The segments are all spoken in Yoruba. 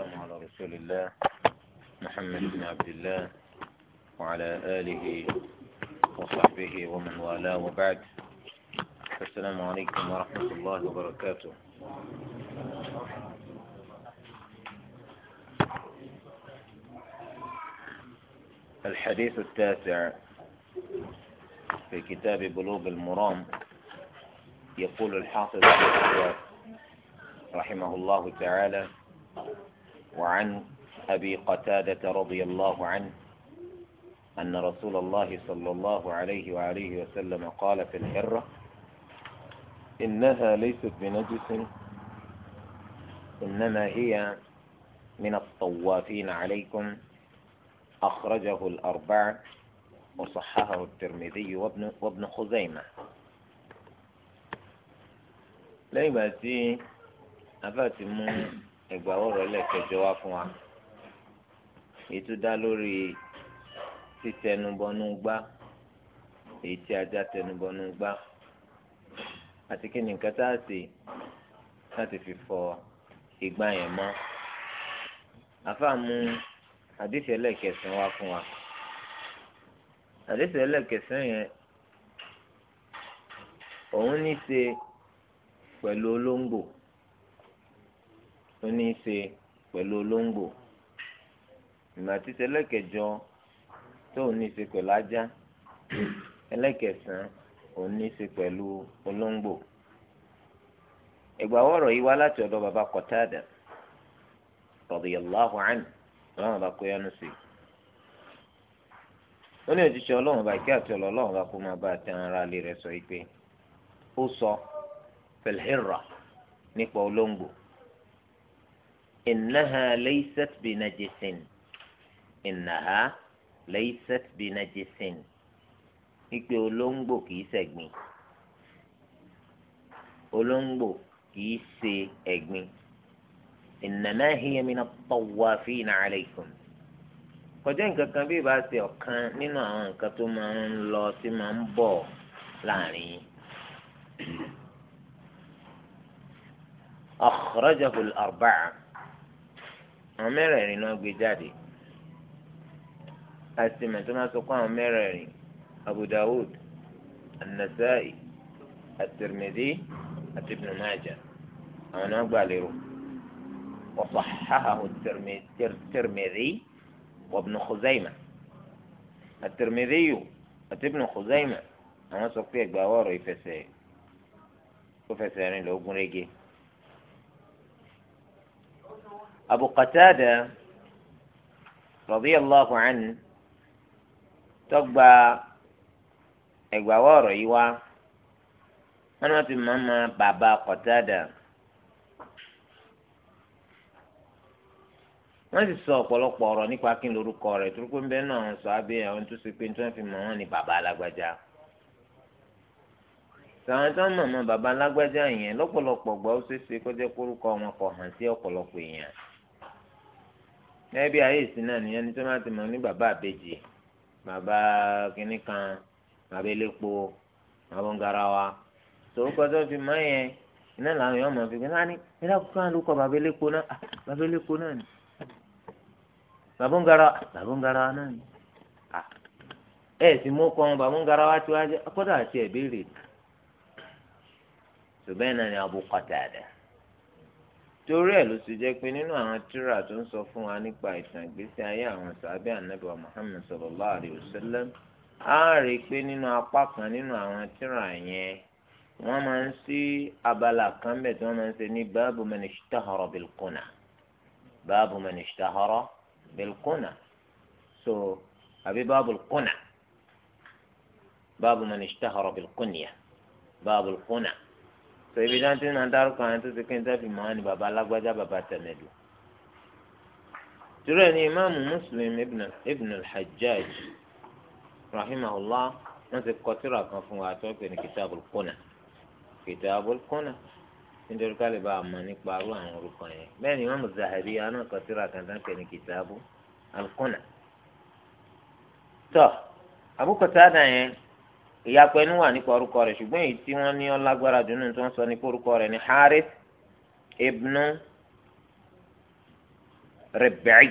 والسلام على رسول الله محمد بن عبد الله وعلى آله وصحبه ومن والاه وبعد السلام عليكم ورحمة الله وبركاته الحديث التاسع في كتاب بلوغ المرام يقول الحافظ رحمه الله تعالى وعن أبي قتادة رضي الله عنه أن رسول الله صلى الله عليه وآله وسلم قال في الحرة إنها ليست بنجس إنما هي من الطوافين عليكم أخرجه الأربع وصححه الترمذي وابن, وابن خزيمة ليبتي أفاتي ẹgbàáwọ̀ rẹ̀ lẹ́kẹjọ wá fún wa èyí tó dá lórí títẹnubọnú gbá èyí tí ajá tẹnubọnú gbá àti kí ni nǹkan tá a ṣe láti fi fọ igbá yẹn mọ́ àfàmù àdìsẹ́ lẹ́kẹsàn wá fún wa àdìsẹ́ lẹ́kẹsàn yẹn òun ní í ṣe pẹ̀lú olóńgbò. tó ní í ṣe pẹ̀lú olóńgbò ìgbà títí ẹlẹ́kẹjọ tó ní ṣe pẹ̀lú ajá ẹlẹ́kẹsàn-án ṣe pẹ̀lú olóńgbò ìgbàwọ̀rọ̀ yìí wá láti ọ̀dọ̀ bàbá Qatada radiyallahu anhu ọlọ́run bá kó yánu sí i ó ní òjíṣẹ́ ọlọ́run bá kí àti ọlọ́run bá إنها ليست bi إنها ليست laysat bi najisin ìpè olóńgbò kìí ṣẹ̀gbin olóńgbò kìí ṣe ẹ̀gbin innama hiya mina at-tawafina alaykum kọjá nǹkan kan bí ìbá ṣe ọ̀kan nínú àwọn nǹkan tó máa ń lọ sí máa ń bọ̀ láàrin yín. akhrajahu al àwọn mẹ́rẹ̀ẹ̀rin náà gbé jáde àtìmọ̀ tó máa sọ pé àwọn mẹ́rẹ̀ẹ̀rin Abu Dawud An-Nasa'i àti Ibn Majah àwọn náà gbà lérò wa sahhahahu At-Tirmidhi wa Ibn Khuzaymah At-Tirmidhi yìí àti Ibn Khuzaymah àwọn sọ pé ẹgbàá wọ̀rọ̀ ìfẹsẹ̀ ìfẹsẹ̀ rìn lóògùn rege. أبو قتادة رضي الله عنه تقبى إقباوار إيوا أنا في ماما بابا قتادة wọ́n sì sọ ọ̀pọ̀lọpọ̀ ọ̀rọ̀ nípa kí n lorúkọ rẹ̀ ń náà sọ abẹ́ àwọn tó ṣe pé tí wọ́n fi mọ̀ wọ́n ní bàbá alágbájá. tó ń mọ̀ mọ́ bàbá alágbájá yẹn lọ́pọ̀lọpọ̀ gbọ́ ó ṣeé ṣe kó jẹ́ kórúkọ wọn kọ̀ hàn sí ọ̀pọ̀lọpọ̀ èèyàn. ẹbí ayé ìsìn náà nìyẹn ní tí ti mọ̀ ní baba kan bàbá elépo bàbá ngarawa tòókọ tó fi mọ̀ yẹn iná làwọn èèyàn mọ̀ fi gbé náà ní ẹ̀dá kúkú náà kọ bàbá elépo náà ah, bàbá elépo náà ni ngarawa ngarawa náà ni ah, ẹ sì mú kọ́ torí ẹ̀ ló sì jẹ́ pé nínú àwọn tírà tó ń sọ fún wa nípa ìtàn ìgbésí ayé àwọn sàbẹ́ ànábì wa Muhammad sallallahu alayhi wa sallam á rí i pé nínú apá kan nínú àwọn tírà yẹn wọ́n máa ń sí abala kan bẹ̀ tí wọ́n máa ń ṣe ní báàbù man ishtahara bilkuna báàbù man ishtahara bilkuna so àbí báàbù kuna báàbù man ishtahara bilkunya báàbù kuna sọ ibi náà tí náà dárúkọ àwọn tó ti pín tẹ́fì mọ́ ni bàbá alágbájá bàbá tẹ̀mẹ̀dù. tìrẹ̀ ni ìmáàmù Muslim ibn al-Hajjaj rahimahullah wọ́n ti kọ tírà kan fún wa tó pè ní Kitabul Qunah Kitabul Qunah nítorí ká lè bá a mọ̀ nípa arú àwọn orúkọ yẹn bẹ́ẹ̀ ni ìmáàmù Zahabi aná kọ tírà kan tó pè ní Kitabul Qunah. tọ́ Abu Qatada yẹn ìyapẹ́ ẹnu wà nípa orúkọ rẹ̀ ṣùgbọ́n èyí tí wọ́n ní ó lágbára dùnú tí wọ́n sọ nípa orúkọ rẹ̀ ní Harith ibnu Rib'i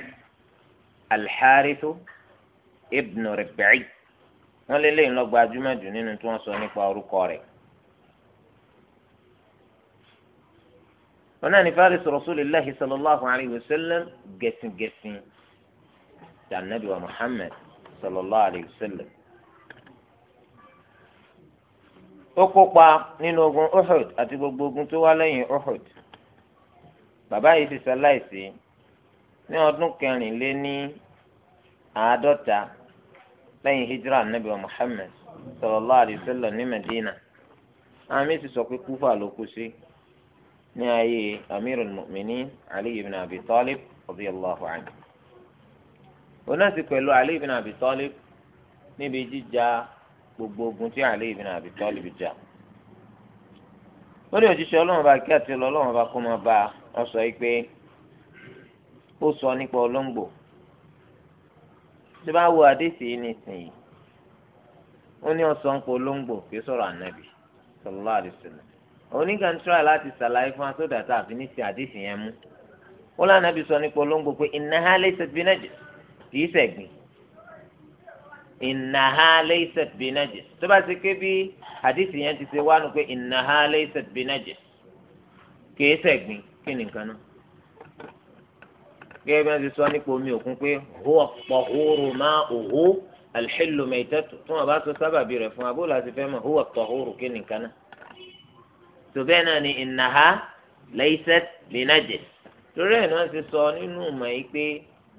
alḥarithu ibnu Rib'i wọ́n lé lẹ́yìn lọ́gba adúmọ̀jù nínú tí wọ́n sọ nípa orúkọ rẹ̀. wọn náà ní Faris Rasulillahi sallallahu alayhi wa sallam gẹ̀sìngẹ̀sìn tànàbí wa Muhammad sallallahu alayhi wa sallam. ó kópa nínú ogun uhud àti gbogbo ogun tó wá lẹ́yìn uhud bàbá yìí ti ṣaláìsí ní ọdún kẹrìnléní àádọ́ta lẹ́yìn hijrah nabi muhammed sallallahu alayhi wa sallam ní medina àmì ti sọ pé kúfà ló kú sí ní ayé amirul mu'minin ali ibn abi talib radiyallahu anhu onasi pẹ̀lú ali ibn abi talib níbi jíjà. gbogbo ogun tí Ali ibn Abi Talib jà lórí òjíṣẹ́ ọlọ́run bá kí àti ọlọ́run bá kó máa bá ọ sọ yìí pé ó sọ nípa olóńgbò tí bá wo àdéhìí yìí nísìnyí ó ní ọ̀sán nípa olóńgbò kì í sọ̀rọ̀ ànábì sallallahu alaihi wasallam oníkàntúrà láti ṣàlàyé fún asódà tá a fi ní àdéhìí yẹn mú ó lànà bí sọ nípa olóńgbò pé innaha laysat bi najis kì í ṣẹ̀gbin innaha laysat binajis tó bá ti ké bí hadith yẹn ti ṣe wánu pé innaha laysat binajis kìí ṣẹ̀gbin kí ni nǹkan náà gẹ́gẹ́ bí wọ́n ti sọ nípa omi òkun pé huwa at-tahuru ma'uhu al-hillu maytatu tí wọ́n bá sọ sábàbí rẹ̀ fún abúlé àti fẹ́ mọ̀ huwa at kí ni náà tó náà ni innaha laysat binajis torí ẹ̀ ni wọ́n ti sọ nínú ìmọ̀ yìí pé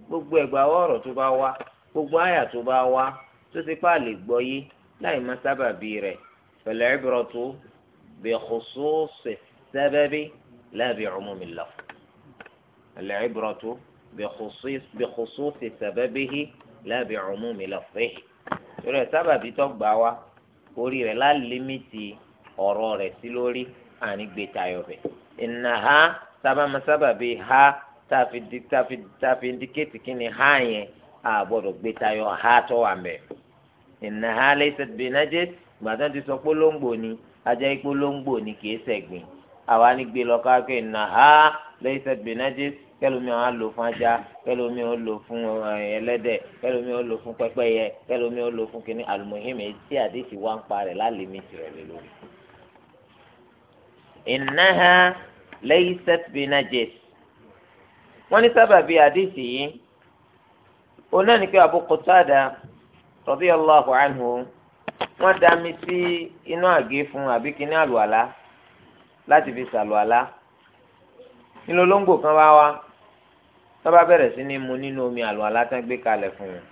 gbogbo ẹ̀gbà ọ̀rọ̀ tó bá wá gbogbo àyà tó bá wá tó ti pa àlè gbọ́ yé láì mọ sábàbí rẹ̀ pẹ̀lú ibratu bi khususi sababi la bi umumi laf al-ibratu bi khususi sababihi la bi umumi lafzihi rẹ̀ sábàbí tó gbà wá orí rẹ̀ lálímìtì ọ̀rọ̀ rẹ̀ sí lórí àní tayọ̀ bẹ̀ ìnà ha sábàmọ́ sábàbí ha tàfi indikéètì kí ni ha yẹn àgbọ̀dọ̀ gbé tayọ ha tó wà mẹ́ ìnáha lẹ́sẹ̀ bìnájẹ́ gbàtà ti sọ polongo ni ajá polongo ni kìí sẹ̀gbìn àwa ni gbé lọ ká pé ìnáha lẹ́sẹ̀ bìnájẹ́ kẹlòmíì wọn á lò fún ajá kẹlòmíì wọn lò fún eh, ẹlẹ́dẹ̀ kẹlòmíì wọn lò fún pẹ́pẹ́yẹ kẹlòmíì wọn lò fún kínní àlùmọ́hìmì tí àdéhì wá ń parẹ̀ lálẹ́ mi tirẹ̀ lé lórí. ìnáha lẹ́yìn sẹ́tìbínájẹ́ wọ́n ní sábàbí àdéhì yìí òun náà ní pé Abu Qatada radiyallahu anhu wọ́n dá mi sí inú àgé fún àbí kíní àlùwàlá láti fi sàlùwàlá nínú olóńgbò kan bá wá wọ́n bá bẹ̀rẹ̀ sí ní mu nínú omi àlùwàlá tán gbé kalẹ̀ fún un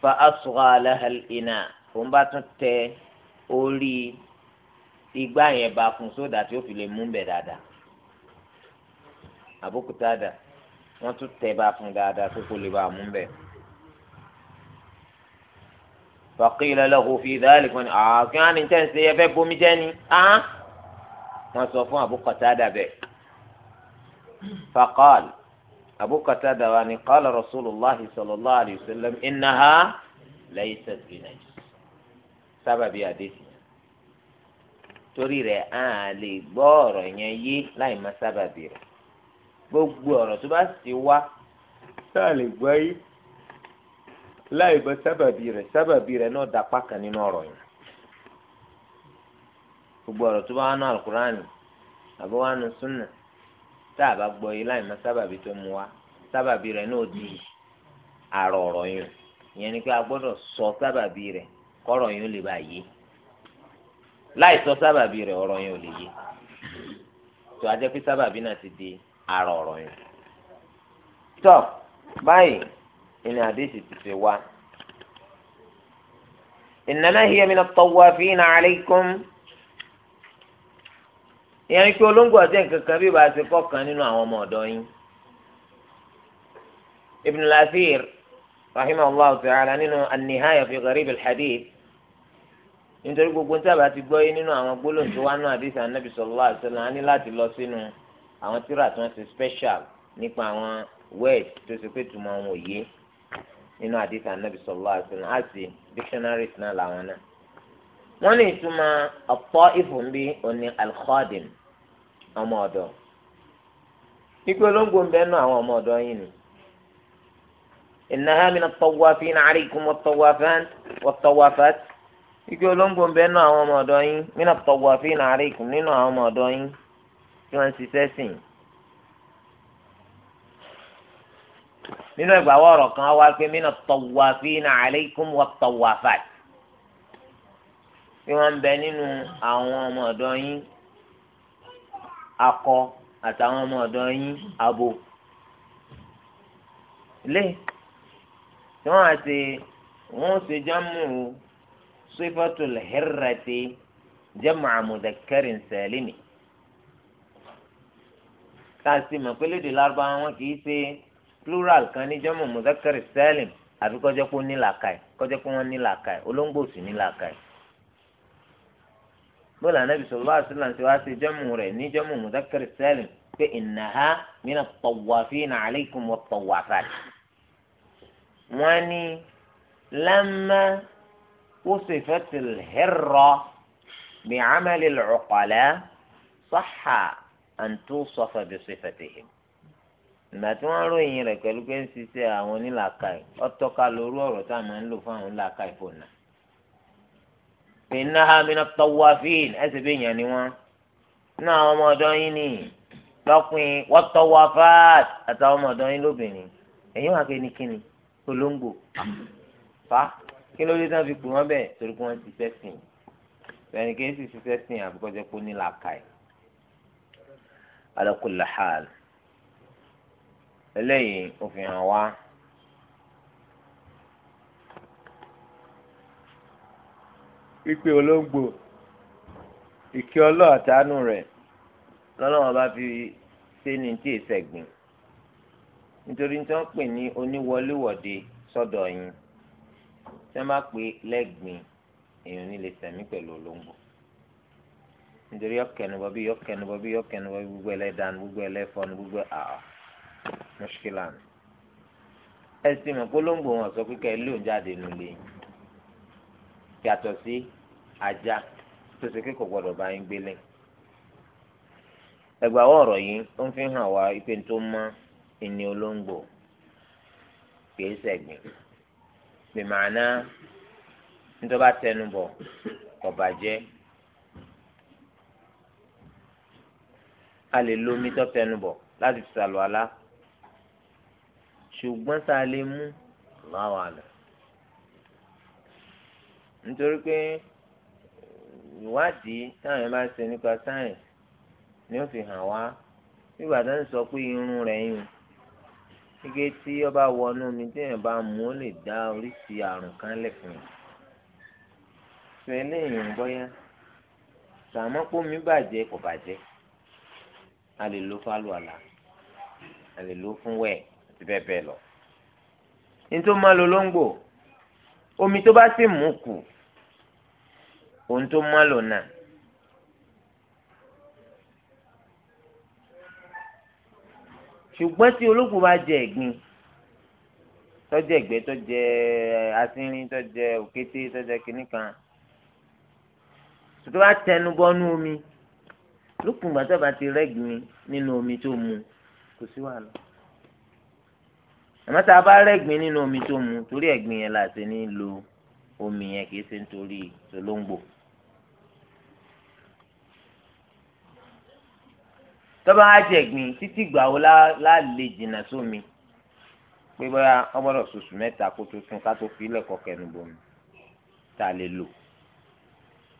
fa asugha lahal ina òun bá tún tẹ orí igbá yẹn bá fún sódà tí ó fi lè mú bẹ̀ dáadáa Abu wọ́n tún tẹ̀ bá fún dáadáa kókó lè bá a mú bẹ́ẹ̀. faqila lahu fi dhalik wọ́n ní àákín á ní tẹ́ ń ṣe ẹ fẹ́ bomi jẹ́ ni wọ́n sọ fún Abu Qatada bẹ́ẹ̀. faqal Abu Qatada wa ni qala Rasulullah sallallahu alayhi wa sallam innaha laysat bi najis sábàbí àdéhùn torí rẹ̀ á lè gbọ́ ọ̀rọ̀ yẹn yé láì má sábàbí rẹ̀ gbogbo ọ̀rọ̀ tó bá sì wá tá a lè gbọ́ yí láì bọ́ sábàbí rẹ̀ sábàbí rẹ̀ náà dá pákà nínú ọ̀rọ̀ yẹn gbogbo ọ̀rọ̀ tó bá wà ní alukurani àbí wà ní sunna tá a bá gbọ́ yí láì mọ sábàbí tó mú wá sábàbí rẹ̀ náà di àrọ̀ ọ̀rọ̀ yẹn ìyẹn ni pé a gbọ́dọ̀ sọ sábàbí rẹ̀ kọ́rọ̀ yẹn ó lè bá yé láì sọ sábàbí rẹ̀ ọ̀rọ̀ yẹn ò lè yé tó a jẹ́ pé sábàbí náà ti di ara ọ̀rọ̀ yẹn. tọ́ báyìí ìní àdéhìí ti ṣe wá. innama hiya min at-tawwafina alaykum. ìyẹn ni pé olóńgbò àti nǹkan kan bí bàá ṣe kọ́kàn nínú àwọn ọmọ ọ̀dọ́ yín. ibn al-Athir rahimahullah ta'ala nínú an-nihaya fi gharib al-hadith nítorí gbogbo ń sábà ti gbọ́ yé nínú àwọn gbólóhùn tó wá náà àdìsí ànábì sallallahu alaihi láti lọ sínú àwọn tíra tí wọ́n ṣe special nípa àwọn word tó ṣe pé tùmọ̀ àwọn òye nínú àdìsá nàbì sallallahu alaihi wasallam àti dictionaries náà làwọn náà. wọ́n ní ìtumọ̀ ọ̀pọ̀ ìfúnbí òní alkhadim ọmọ ọ̀dọ́ ikú olóńgbò ń àwọn ọmọ ọ̀dọ́ yìí ni. إنها من الطوافين عليكم والطوافات والطوافات يقولون بأنه هم مدعين من الطوافين عليكم لأنه هم مدعين tí wọ́n ń ṣiṣẹ́ sìn. nínú ẹgbàá ọ̀rọ̀ kan wá pé mina tawafina aleikum wa tawafat bí wọ́n ń bẹ nínú àwọn ọmọ ọ̀dọ́ yín akọ àtàwọn ọmọ ọ̀dọ́ yín abo lé tí wọ́n àti wọ́n ṣe jámù sífàtúl hirrati jam'a mudhakkarin salimi tá a sì mọ̀ pé lédè lárúbáwá wọn kì í ṣe plural kan ní jọ́mọ̀ mọ̀dákẹ́rì sẹ́lìm àbí kọjá pé ó ní làákàyè kọjá pé wọ́n ní làákàyè olóńgbò sì ní làákàyè. bọ́lá anábì sọ̀rọ̀ àti láǹtí wá sí jọ́mọ̀ rẹ̀ ní jọ́mọ̀ mọ̀dákẹ́rì sẹ́lìm pé ìnáhà mina tọ̀wáfínà alaykum wa tọ̀wáfà. wọ́n ní lámà wọ́sẹ̀fẹ̀tì hẹ́rọ̀ bí amẹ́lẹ̀ lọ́kọ̀lẹ́ sọ́hà àǹtó sọfà bí sífẹ̀tìhìn ìgbà tí wọ́n ròyìn rẹ̀ pẹ̀lú pé ń ṣiṣẹ́ àwọn onílàkàì ọ̀tọ́ka lóru ọ̀rọ̀ tá a máa ń lò fún àwọn onílàkàì fòna. iná hamina tọwọ́ fíìn ẹsẹ̀ bí èèyàn ni wọ́n ní ọmọ ọ̀dọ́ yín ni lọ́pin wọ́n tọwọ́ fáàt àtàwọn ọmọ ọ̀dọ́ yín lóbìnrin ẹ̀yìn wà kéde kíni olóńgbò fa kí ló dé tán fi pè wọ́n bẹ́ẹ̀ torí pé wọ́n ti ṣiṣẹ́ bẹ́ẹ̀ ni kí ala kulli hal eléyìí òfin hàn wá pípé olóńgbò ìkí ọlọ́ọ̀tánú rẹ̀ lọ́lọ́wọ́n bá fi ṣe ní tí ì sẹ̀gbìn nítorí tí wọ́n pè ní oníwọléwọ̀de sọ́dọ̀ yín tí wọ́n bá pè lẹ́gbìn èèyàn ní lè sẹ̀mí pẹ̀lú olóńgbò nítorí ọ̀kẹ́nubọ̀ bí ọ̀kẹ́nubọ̀ bí ọ̀kẹ́nubọ̀ bí gbogbo ẹlẹ́dàá gbogbo ẹlẹ́fọ́ gbogbo àá mọ́ṣíkìlá ni. ẹ wọn sọ pé kẹ́ ẹ jáde nù yàtọ̀ sí ajá tó ṣe kékeré gbọ́dọ̀ bá yín gbélé. ẹgbàá ọ̀rọ̀ yìí ó ń fi hàn wá ipe tó mọ́ ẹni olóńgbò kìí sẹ̀gbìn gbìmọ̀ àná bá tẹnu bọ̀ a lè lo omi tó fẹnu bọ̀ láti fi sàlù àlá ṣùgbọ́n tá a lè mú láwọn àlẹ́ nítorí pé ìwádìí táwọn yẹn bá ṣe nípa sáyẹ̀nsì ni ó fi hàn wá nígbà tó ń sọ pé irun rẹ̀ yùn gẹ́gẹ́ tí ọba wọnú omi tí èèyàn bá mú ó lè dá oríṣi àrùn kan lẹ̀kùn sọ eléyìí ń bọ́yá sàmọ́pọ̀ mi bàjẹ́ kò bàjẹ́ a lè lò fún àlùwàlà a lè lò fún wẹ̀ àti bẹ́ẹ̀ bẹ́ẹ̀ lọ. nítorí máa lo lóńgbò omi tó bá sì mú kù ohun tó máa lò náà. ṣùgbọ́n tí olóko bá jẹ ẹ̀gbin tọ́jẹ́ ẹ̀gbẹ́ tọ́jẹ́ asínrín tọ́jẹ́ òkété tọ́jẹ́ kìnnìkan tó bá tẹnu bọ́nú omi lókun gbàtà bá ti rẹ́gbin nínú omi tó mu kò sí wàhálà àmọ́ tá a bá rẹ́gbin nínú omi tó mu torí ẹ̀gbin yẹn la ṣe ní lo omi yẹn kì í ṣe nítorí tolóńgbò. tọ́ba á jẹ̀gbin títí gbà wo la lè jìnnà sómi pé bóyá ọgbọ́dọ̀ oṣù mẹ́ta kó tó tún ká tó fi ilẹ̀ kọkẹ́ nu bomi tá a lè lò.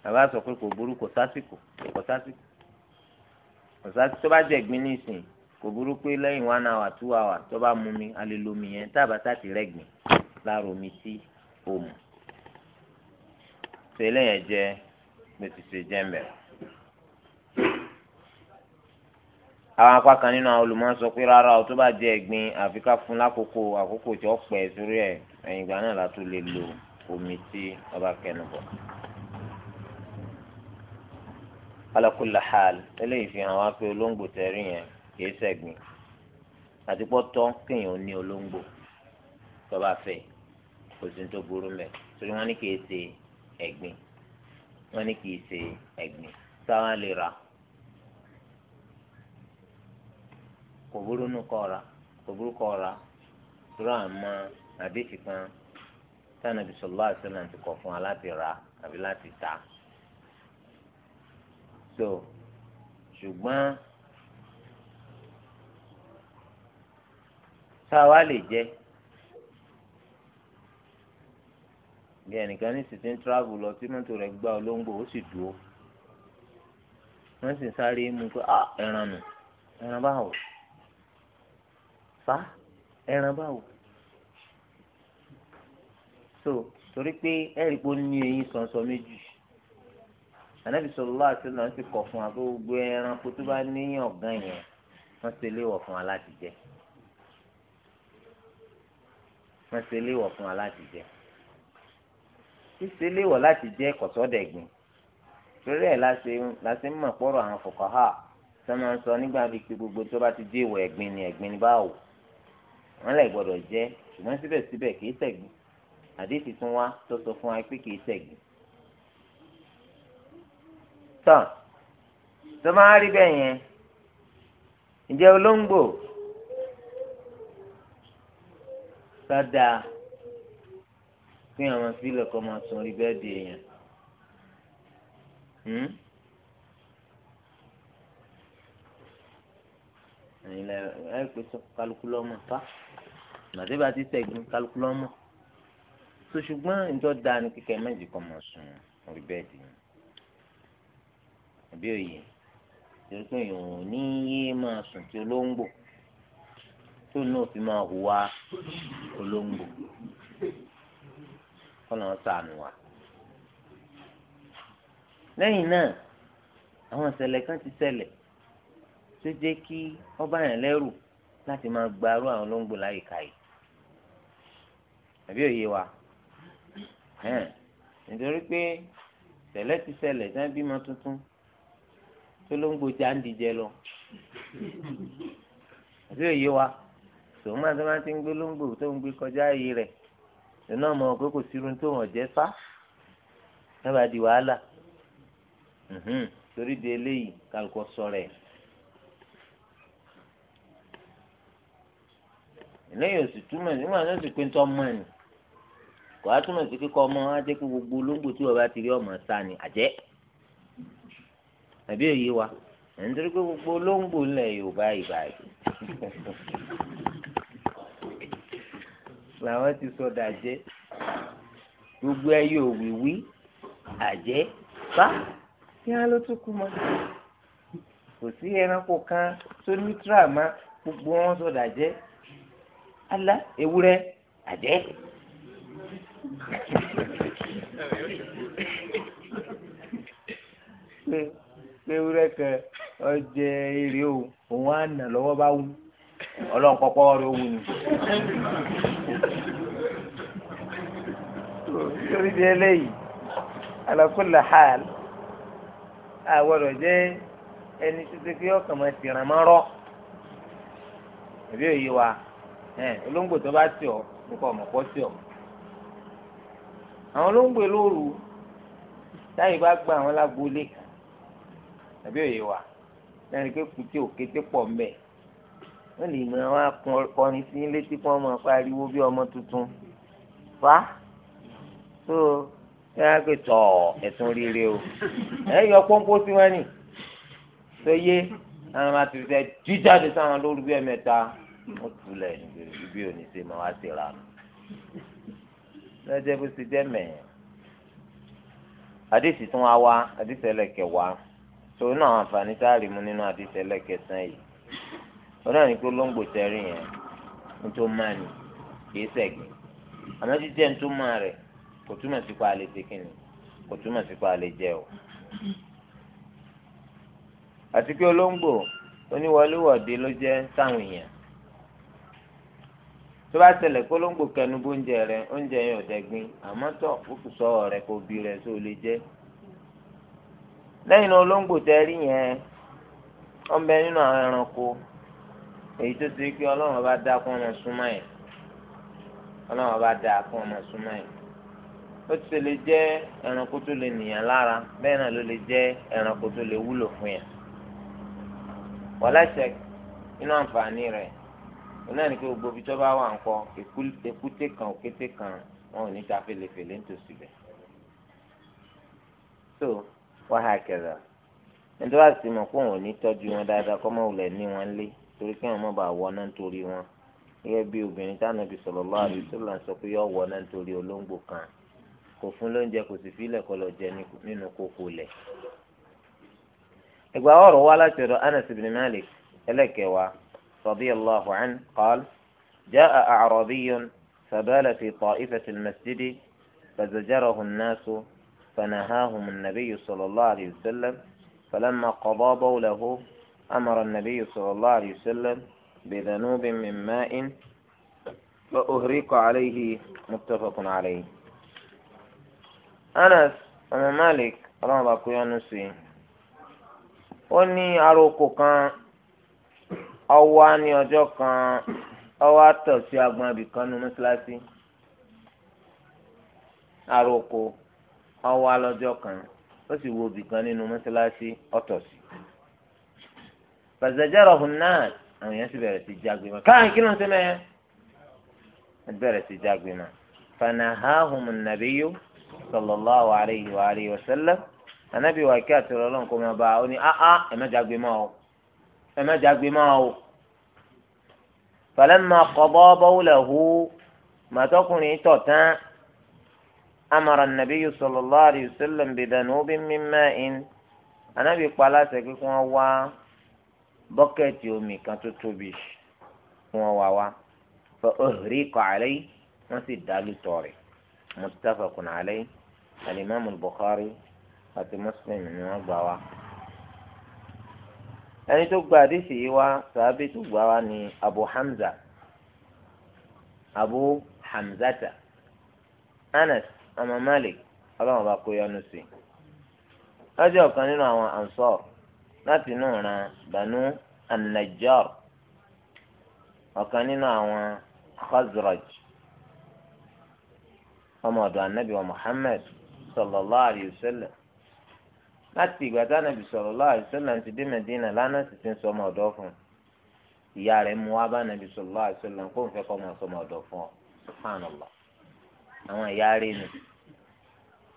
bàbá sọ pé kò burú kò sásìkò kò sásìkò ọ̀sá tó bá jẹ̀gbin nísìn kò burú pé lẹ́yìn one hour two hour tó bá mú mi alẹ́ lomi yẹn tá a bá sáti rẹ́gbìn láàrọ̀ omi tí o mú. tẹ́lẹ̀ yẹn jẹ́ gbèsè jẹ́mbẹ̀. àwọn apá kan nínú àwọn olùmọ̀ sọ pé rárá o tó bá jẹ́ ẹ̀gbin àfi fún lákòókò àkókò tí ó pẹ́ sórí ẹ̀ ẹ̀yìn ìgbà náà la tó lè lo omi tí ọba kẹnu bọ̀ alákùlà hàl eléyìí fi hàn wá pé olóńgbò tẹ̀rí yẹn kìí ṣẹ̀gbìn àti pọ́tọ́ kéèyàn ní olóńgbò tó bá fẹ́ kò sí tó burú mẹ́ torí wọ́n ní kìí ṣe ẹ̀gbìn wọ́n ní kìí ṣe ẹ̀gbìn sáwọn lè ra kò burú nù kọ́ ra kò burú kọ́ ra tura àmọ́ àdéhìí kan tánàbí sallallahu alaihi wasallam ti kọ̀ fún wa láti ra àbí láti ta so ṣùgbọ́n tá a wá lè jẹ bí ẹnìkan ní sìtì ń tíráàbù lọ tí mọ́tò rẹ̀ gbá olóńgbò ó sì dúró wọ́n sì sáré mú pé á ah, ẹran nù ẹran báwo fa ẹran báwo so torí pé ẹ̀rí pé ó ní eyín sọ̀nsọ̀ méjì ànábì sallallahu alaihi wasallam ti kọ̀ fún wa pé gbogbo ẹranko tó bá níyàn ọ̀gán yẹn wọ́n ṣe léwọ̀ fún wa láti jẹ wọ́n ṣe léwọ̀ fún wa láti jẹ ṣíṣe léwọ̀ láti jẹ kọ̀sọ́dẹ̀gbìn torí ẹ̀ la ṣe ń mọ̀ pọ̀rọ̀ àwọn fuqaha tó máa ń sọ nígbà bíi pé gbogbo tó bá ti dé ìwọ̀ ẹ̀gbin ni ẹ̀gbin ni báwò wọ́n lè gbọ́dọ̀ jẹ ṣùgbọ́n síbẹ̀síbẹ̀ kì í ṣẹ̀gbin àdéhìí tún wá tó sọ fún wa pé kì í ṣẹ̀gbin tán tó máa rí bẹ́ẹ̀ yẹn ǹjẹ́ olóńgbò sádà kí àwọn sílẹ̀ kọ́ máa tún rí bẹ́ẹ̀ di èèyàn hmm? ẹ̀yin lẹ ẹ pè sọ kálukú lọ́mọ fa màdébà ti sẹ́gun kálukú lọ́mọ so ṣùgbọ́n ìjọ da ni kíkẹ́ méjì kọ́ máa sùn orí bẹ́ẹ̀ di èèyàn àbí òye torí pé èèyàn ò ní yé máa sùn tí olóńgbò tó náà fi máa hùwà olóńgbò kọ́nà sànù wa. lẹ́yìn náà àwọn ìṣẹ̀lẹ̀ kan ti ṣẹlẹ̀ tó jẹ́ kí ọba yẹn lẹ́rù láti máa gbarú àwọn olóńgbò láyìíká yìí àbí òye wa nítorí pé ṣẹlẹ̀ ti ṣẹlẹ̀ tí wọ́n bímọ tuntun tó ló ń gbòjì àǹdíjẹ lọ àti òye wa tòun máa tó máa ti ń gbé lóńgbò tó ń gbé kọjá ààyè rẹ̀ lónà ọmọ pé kò sírun tó hàn jẹ́ fá dábàá di wàhálà torí di eléyìí kálukọ sọ̀rọ̀ ẹ̀. lẹ́yìn oṣù túmọ̀ sí wọn àti pé ń tọ́ mọ́ ni kò á túmọ̀ sí kíkọ́ ọmọ ajẹ́ kó gbogbo olóńgbò tí wọ́n bá ti rí ọmọ sá ni àjẹ́ àbí èyí wa nítorí pé gbogbo olóńgbò ńlẹ̀ yorùbá ìbàdí làwọn ti sọ dàjẹ́ gbogbo ẹyẹ òwìwí àjẹ́ bá kí á ló tún kú mọ́ kò sí ẹranko kan tó ní tíráàmà gbogbo wọn sọ dàjẹ́ alá ewúrẹ́ àjẹ́ pé pé ewúrẹ́ kan ọjẹ èrè o òun á nà lọ́wọ́ bá wú ọlọ́run kọ́kọ́ rẹ̀ ó wù ní. torí di eléyìí alákòlá hàl àwọ̀rọ̀ jẹ́ ẹni títí kí ọkàn máa ti ràn máa rọ́ ẹ̀bí òye wa olóńgbò tó bá tì ọ́ nípa ọ̀mọ̀pọ̀ tì ọ́ àwọn olóńgbò lóru táyì bá gba àwọn lágbo lé àbí òye wa lẹ́yìn pé kùtì òkété pọ̀ mbẹ́ wọ́n lè máa wá kọrin sí létí kí wọ́n máa pariwo bí ọmọ tuntun fa tó ẹ á pè tọ̀ ẹ̀sùn rere o ẹ yọ pọ́npọ́ sí wọn ni tó yé àwọn máa ti sẹ jíjáde sáwọn lórí bí ẹ̀mẹ́ta wọ́n tulẹ̀ ibi òní ṣe máa wá sí ra nù lọ́jọ́ bó ti jẹ́ mẹ́ẹ̀ àdéhìí tún wá wá àdéhìí ẹlẹ́kẹ̀ wá. sòwò náà àǹfààní tá mu nínú àdìsẹ lẹkẹsàn yìí ọlọ́run pé olóńgbò tẹrí yẹn ní tó máa ní kì í sẹ̀gbìn àmọ́ jíjẹ́ ní tó máa rẹ̀ kò túmọ̀ sí pa kò túmọ̀ sí pa jẹ o. àti pé olóńgbò oníwọléwọ̀de ló jẹ́ sáwọn èèyàn tó bá tẹlẹ̀ kó olóńgbò kẹnu bóúnjẹ rẹ oúnjẹ yẹn ò dẹ́gbin àmọ́ tó o lẹ́yìn náà olóńgbò tẹ́ rí yẹn wọ́n bẹ nínú àwọn ẹranko èyí tó ti pé ọlọ́run bá dá kún ọmọ súnmọ́ yẹn ọlọ́run bá dá kún ọmọ súnmọ́ yẹn ó ti lè jẹ́ ẹranko tó lè nìyàn lára bẹ́ẹ̀ náà ló lè jẹ́ ẹranko tó lè wúlò fún yẹn wọ́láṣẹ inú àǹfààní rẹ̀ iná ní kí gbogbo ibi tó bá wà ńkọ èkúté kan òkété kan wọn ò ní ta fèlèfèlè nítòsí bẹ́ẹ̀ wàhákẹ́dà ẹni tó bá sì mọ̀ pé òun ò ní tọ́jú wọn dáadáa kọ́ mọ́ wulẹ̀ ní wọn lé torí kí wọn má bàa wọ náà torí wọn gẹ́gẹ́ bí obìnrin táwọn ibi sallallahu alaihi wasallam sọ pé yọ wọ náà torí olóńgbò kan kò fún lóúnjẹ kò sì fílẹ̀ kọ́ lọ jẹ nínú kókó lẹ̀. ìgbà ọ̀rọ̀ wa láti ọ̀dọ̀ Anas ibn Malik ẹlẹ́kẹ̀wàá radiyallahu anhu qala جاء أعرابي فبال في طائفة المسجد فزجره الناس فنهاهم النبي صلى الله عليه وسلم فلما قضى بوله أمر النبي صلى الله عليه وسلم بذنوب من ماء فأهريق عليه متفق عليه أنس أم مالك رضا نسي وني أروكو كان أواني أجو كان أو àtọ̀ sí ما abìkan nu mọ́ṣáláṣí ọwọ́ alọ́jọ́ kan ó sì wo ibì kan nínú mọ́ṣáláṣí ọ̀tọ̀ sí. pàṣẹjọ́rọ̀ hùn náà àwọn èèyàn sì bẹ̀rẹ̀ sí jágbe mọ́ káàkiri kí ló ń ṣe mẹ́ẹ̀ bẹ̀rẹ̀ sí jágbe mọ́. fanahahum nabiyu sallallahu alayhi wa alayhi wa sallam anabi wa kí àti ọlọ́run kò máa bá a ó ní áá ah, ah, ẹ má jágbe mọ́ o ẹ má jágbe mọ́ o. falamma qada bawlahu màtọ́kùnrin tọ̀ tán amara nabiyu sallallahu alayhi wa sallam bidanubin min ma'in anabi kpala sẹkẹ kí wọn wá bọ́kẹ́tì omi kan tó tóbi kí wọn wá wá fa uhriqa alayhi wọn sì dàlú tọrẹ muttafaqun alayhi alimami bukhari àti muslim ni wọn gbà wá ẹni tó gba àdìsí yìí wá sàábì tó gbà wá abu hamza abu hamzata anas ọmọ Malik ọlọ́run bá kó yọnu sí i lọ́jọ́ ọ̀kan nínú àwọn ansọ́r láti inú Banu an ọ̀kan nínú àwọn Khazraj ọmọ ọ̀dọ̀ anabi wa Muhammad sallallahu alayhi láti ìgbà anabi sallallahu alayhi ti dé Medina lánàá sì ti ń sọ ọmọ ọ̀dọ̀ fún anabi sallallahu alayhi kó n fẹ́ kọ́ àwọn ìyá rẹ nù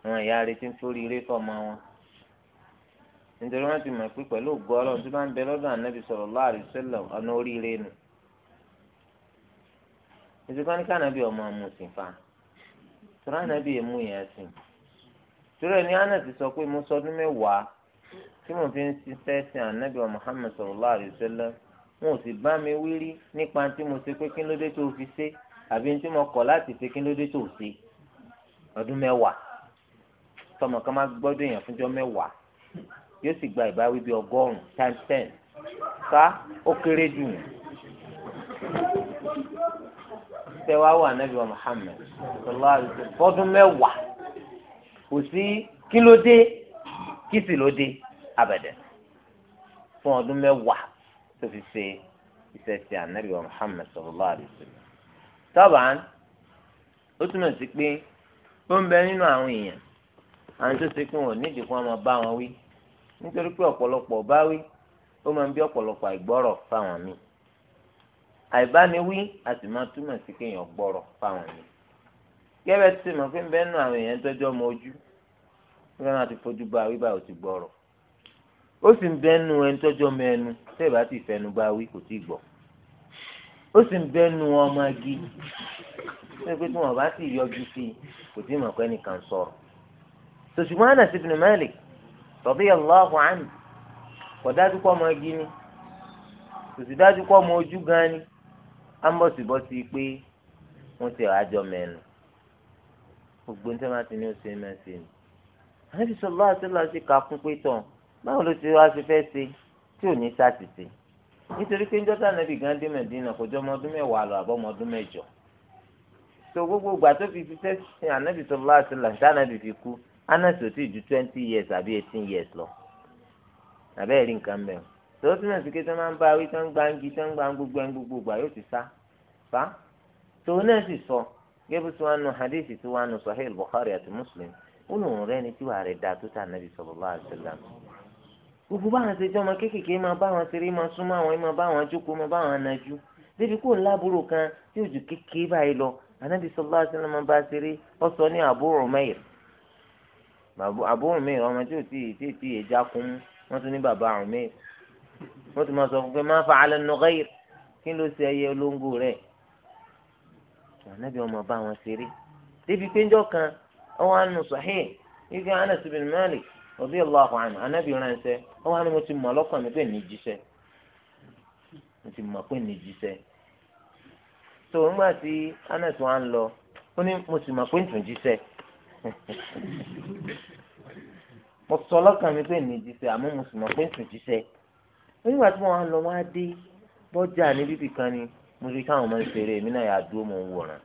àwọn ìyá rẹ ti ń sórí eré fọmọ wọn nítorí wọn ti mọ̀ pé pẹ̀lú ògbó Ọlọ́run tó bá ń bẹ lọ́dọ̀ ànábì sallallahu alaihi wasallam ọ̀nà oríire nù ìsìnkú ní kànábì ọmọ ọmọ òsì fa tọ́lá ànábì èmú yẹn sìn tọ́lá ẹni àná ti sọ pé mo sọdún mẹ́wàá tí mo fi ń ṣiṣẹ́ sí ànábì Muhammad sallallahu alaihi wasallam wọn ò sì bá mi wí rí nípa tí mo ṣe pé kí ló dé tó fi ṣe àbí ní mo kọ̀ láti fi kílódé tó ṣe ọdún mẹ́wàá tọmọ kan máa gbọ́dọ̀ èèyàn fúnjọ́ mẹ́wàá yóò sì gba ìbáwí bíi ọgọ́rùn times ten ká ó kéré jù yẹn tẹwa wà nàbí wa Muhammad sallallahu alaihi wasallam fọdún mẹ́wàá kò sí kílódé kí sì lóde abẹ̀dẹ̀ fún ọdún mẹ́wàá tó fi ṣe iṣẹ́ ti ànábì wa Muhammad sallallahu alaihi wasallam tọ́bàán ó túmọ̀ sí pé ó ń bẹ nínú àwọn èèyàn àwọn tó ṣe pé wọn ò nídìí kí wọn máa bá wọn wí nítorí pé ọ̀pọ̀lọpọ̀ bá wí ó máa ń bí ọ̀pọ̀lọpọ̀ àìgbọ́rọ̀ fáwọn míì àìbániwí a sì máa túmọ̀ sí pé èèyàn gbọ́rọ̀ fáwọn míì gẹ́gẹ́ tí mo fi ń bẹ nínú àwọn èèyàn tọ́jú ọmọ ojú bí wọn ti fojú bá wí báyìí ó ti gbọ́rọ̀ ó sì ń bẹ nínú ẹni tọ́jú ọmọ ẹnu tẹ́ẹ̀ bá ti fẹnu bá wí kò tí ì gbọ́ ó sì ń bẹnu ọmọ igi ṣé pé tí wọn bá sì yọjú sí i kò tí ì mọ̀ pé nìkan sọ̀rọ̀ tòṣùgbọ́n Anas ibn Malik radiyallahu anhu kò dájú kọ́ ọmọ igi ni kò sì dájú kọ́ ọmọ ojú gan ni á ń bọ̀sibọ́sí pé wọ́n ti àjọ mẹ́nu gbogbo níta máa ti ní oṣù mẹ́sẹ̀ ni àbí sọlá àti láti kà fún pé tán báwo ló ti wá ṣe fẹ́ ṣe tí ò ní sátìsì nítorí pé njọ́tà nàbì gan dé mẹ̀dínà kò jọ ọmọ ọdún mẹ́wàá lọ àbọ̀ ọmọ ọdún mẹ́jọ so gbogbo ìgbà tó fi ṣiṣẹ́ sí ànábì tó lọ́wọ́ àti làǹtà ànábì fi kú anasi ò tí ju twenty years àbí eighteen years lọ àbẹ́ẹ̀ rí nǹkan mẹ́rin tó túmọ̀ sí pé tó máa ń bá wí tó ń gba ń gi tó ń gba ń gbogbo ń gbogbo ìgbà yóò ti sá fa tó náà sì sọ gẹ́gẹ́ bí wọ́n nu hadithi tí wọ́n nu Sahih Bukhari àti Muslim ó lóun rẹ́ni tí wàá rẹ̀ dáa tó tà ànábì sallallahu alaihi wasallam gbogbo báwọn ṣe jẹ́ ọmọ kéékèèké máa bá wọn ṣeré máa súnmọ́ àwọn máa bá wọn jókòó máa bá wọn nájú débi kó ńláàbúrò kan tí òjò kéékèé báyìí lọ ànábì sọlá ṣẹlẹ máa bá ṣeré ó sọ ní àbúrò mẹyìr àbúrò mẹyìr ọmọ tí ò tí ì tí ì tí ì já kún wọn tún ní bàbá àrùn mẹyìr wọn tún máa sọ fún pé má fa alẹ nù gẹyìr kí ló ṣe ẹyẹ olóńgò rẹ ànábì ọmọ bá wọn ṣeré débi péjọ kan ọwọ radiyallahu anhu anábì ránṣẹ́ wọn wá ní mo ti mọ̀ lọ́kàn mi pé ní jíṣẹ́ mo ti mọ̀ pé ní jíṣẹ́ tó nígbà tí Anas wa ń lọ ó ní mo sì mọ̀ pé tún jíṣẹ́ mo sọ lọ́kàn mi pé ní jíṣẹ́ àmọ́ mo sì mọ̀ pé tún jíṣẹ́ nígbà tí wọ́n lọ dé kan ni mo rí káwọn náà yà á dúró wòran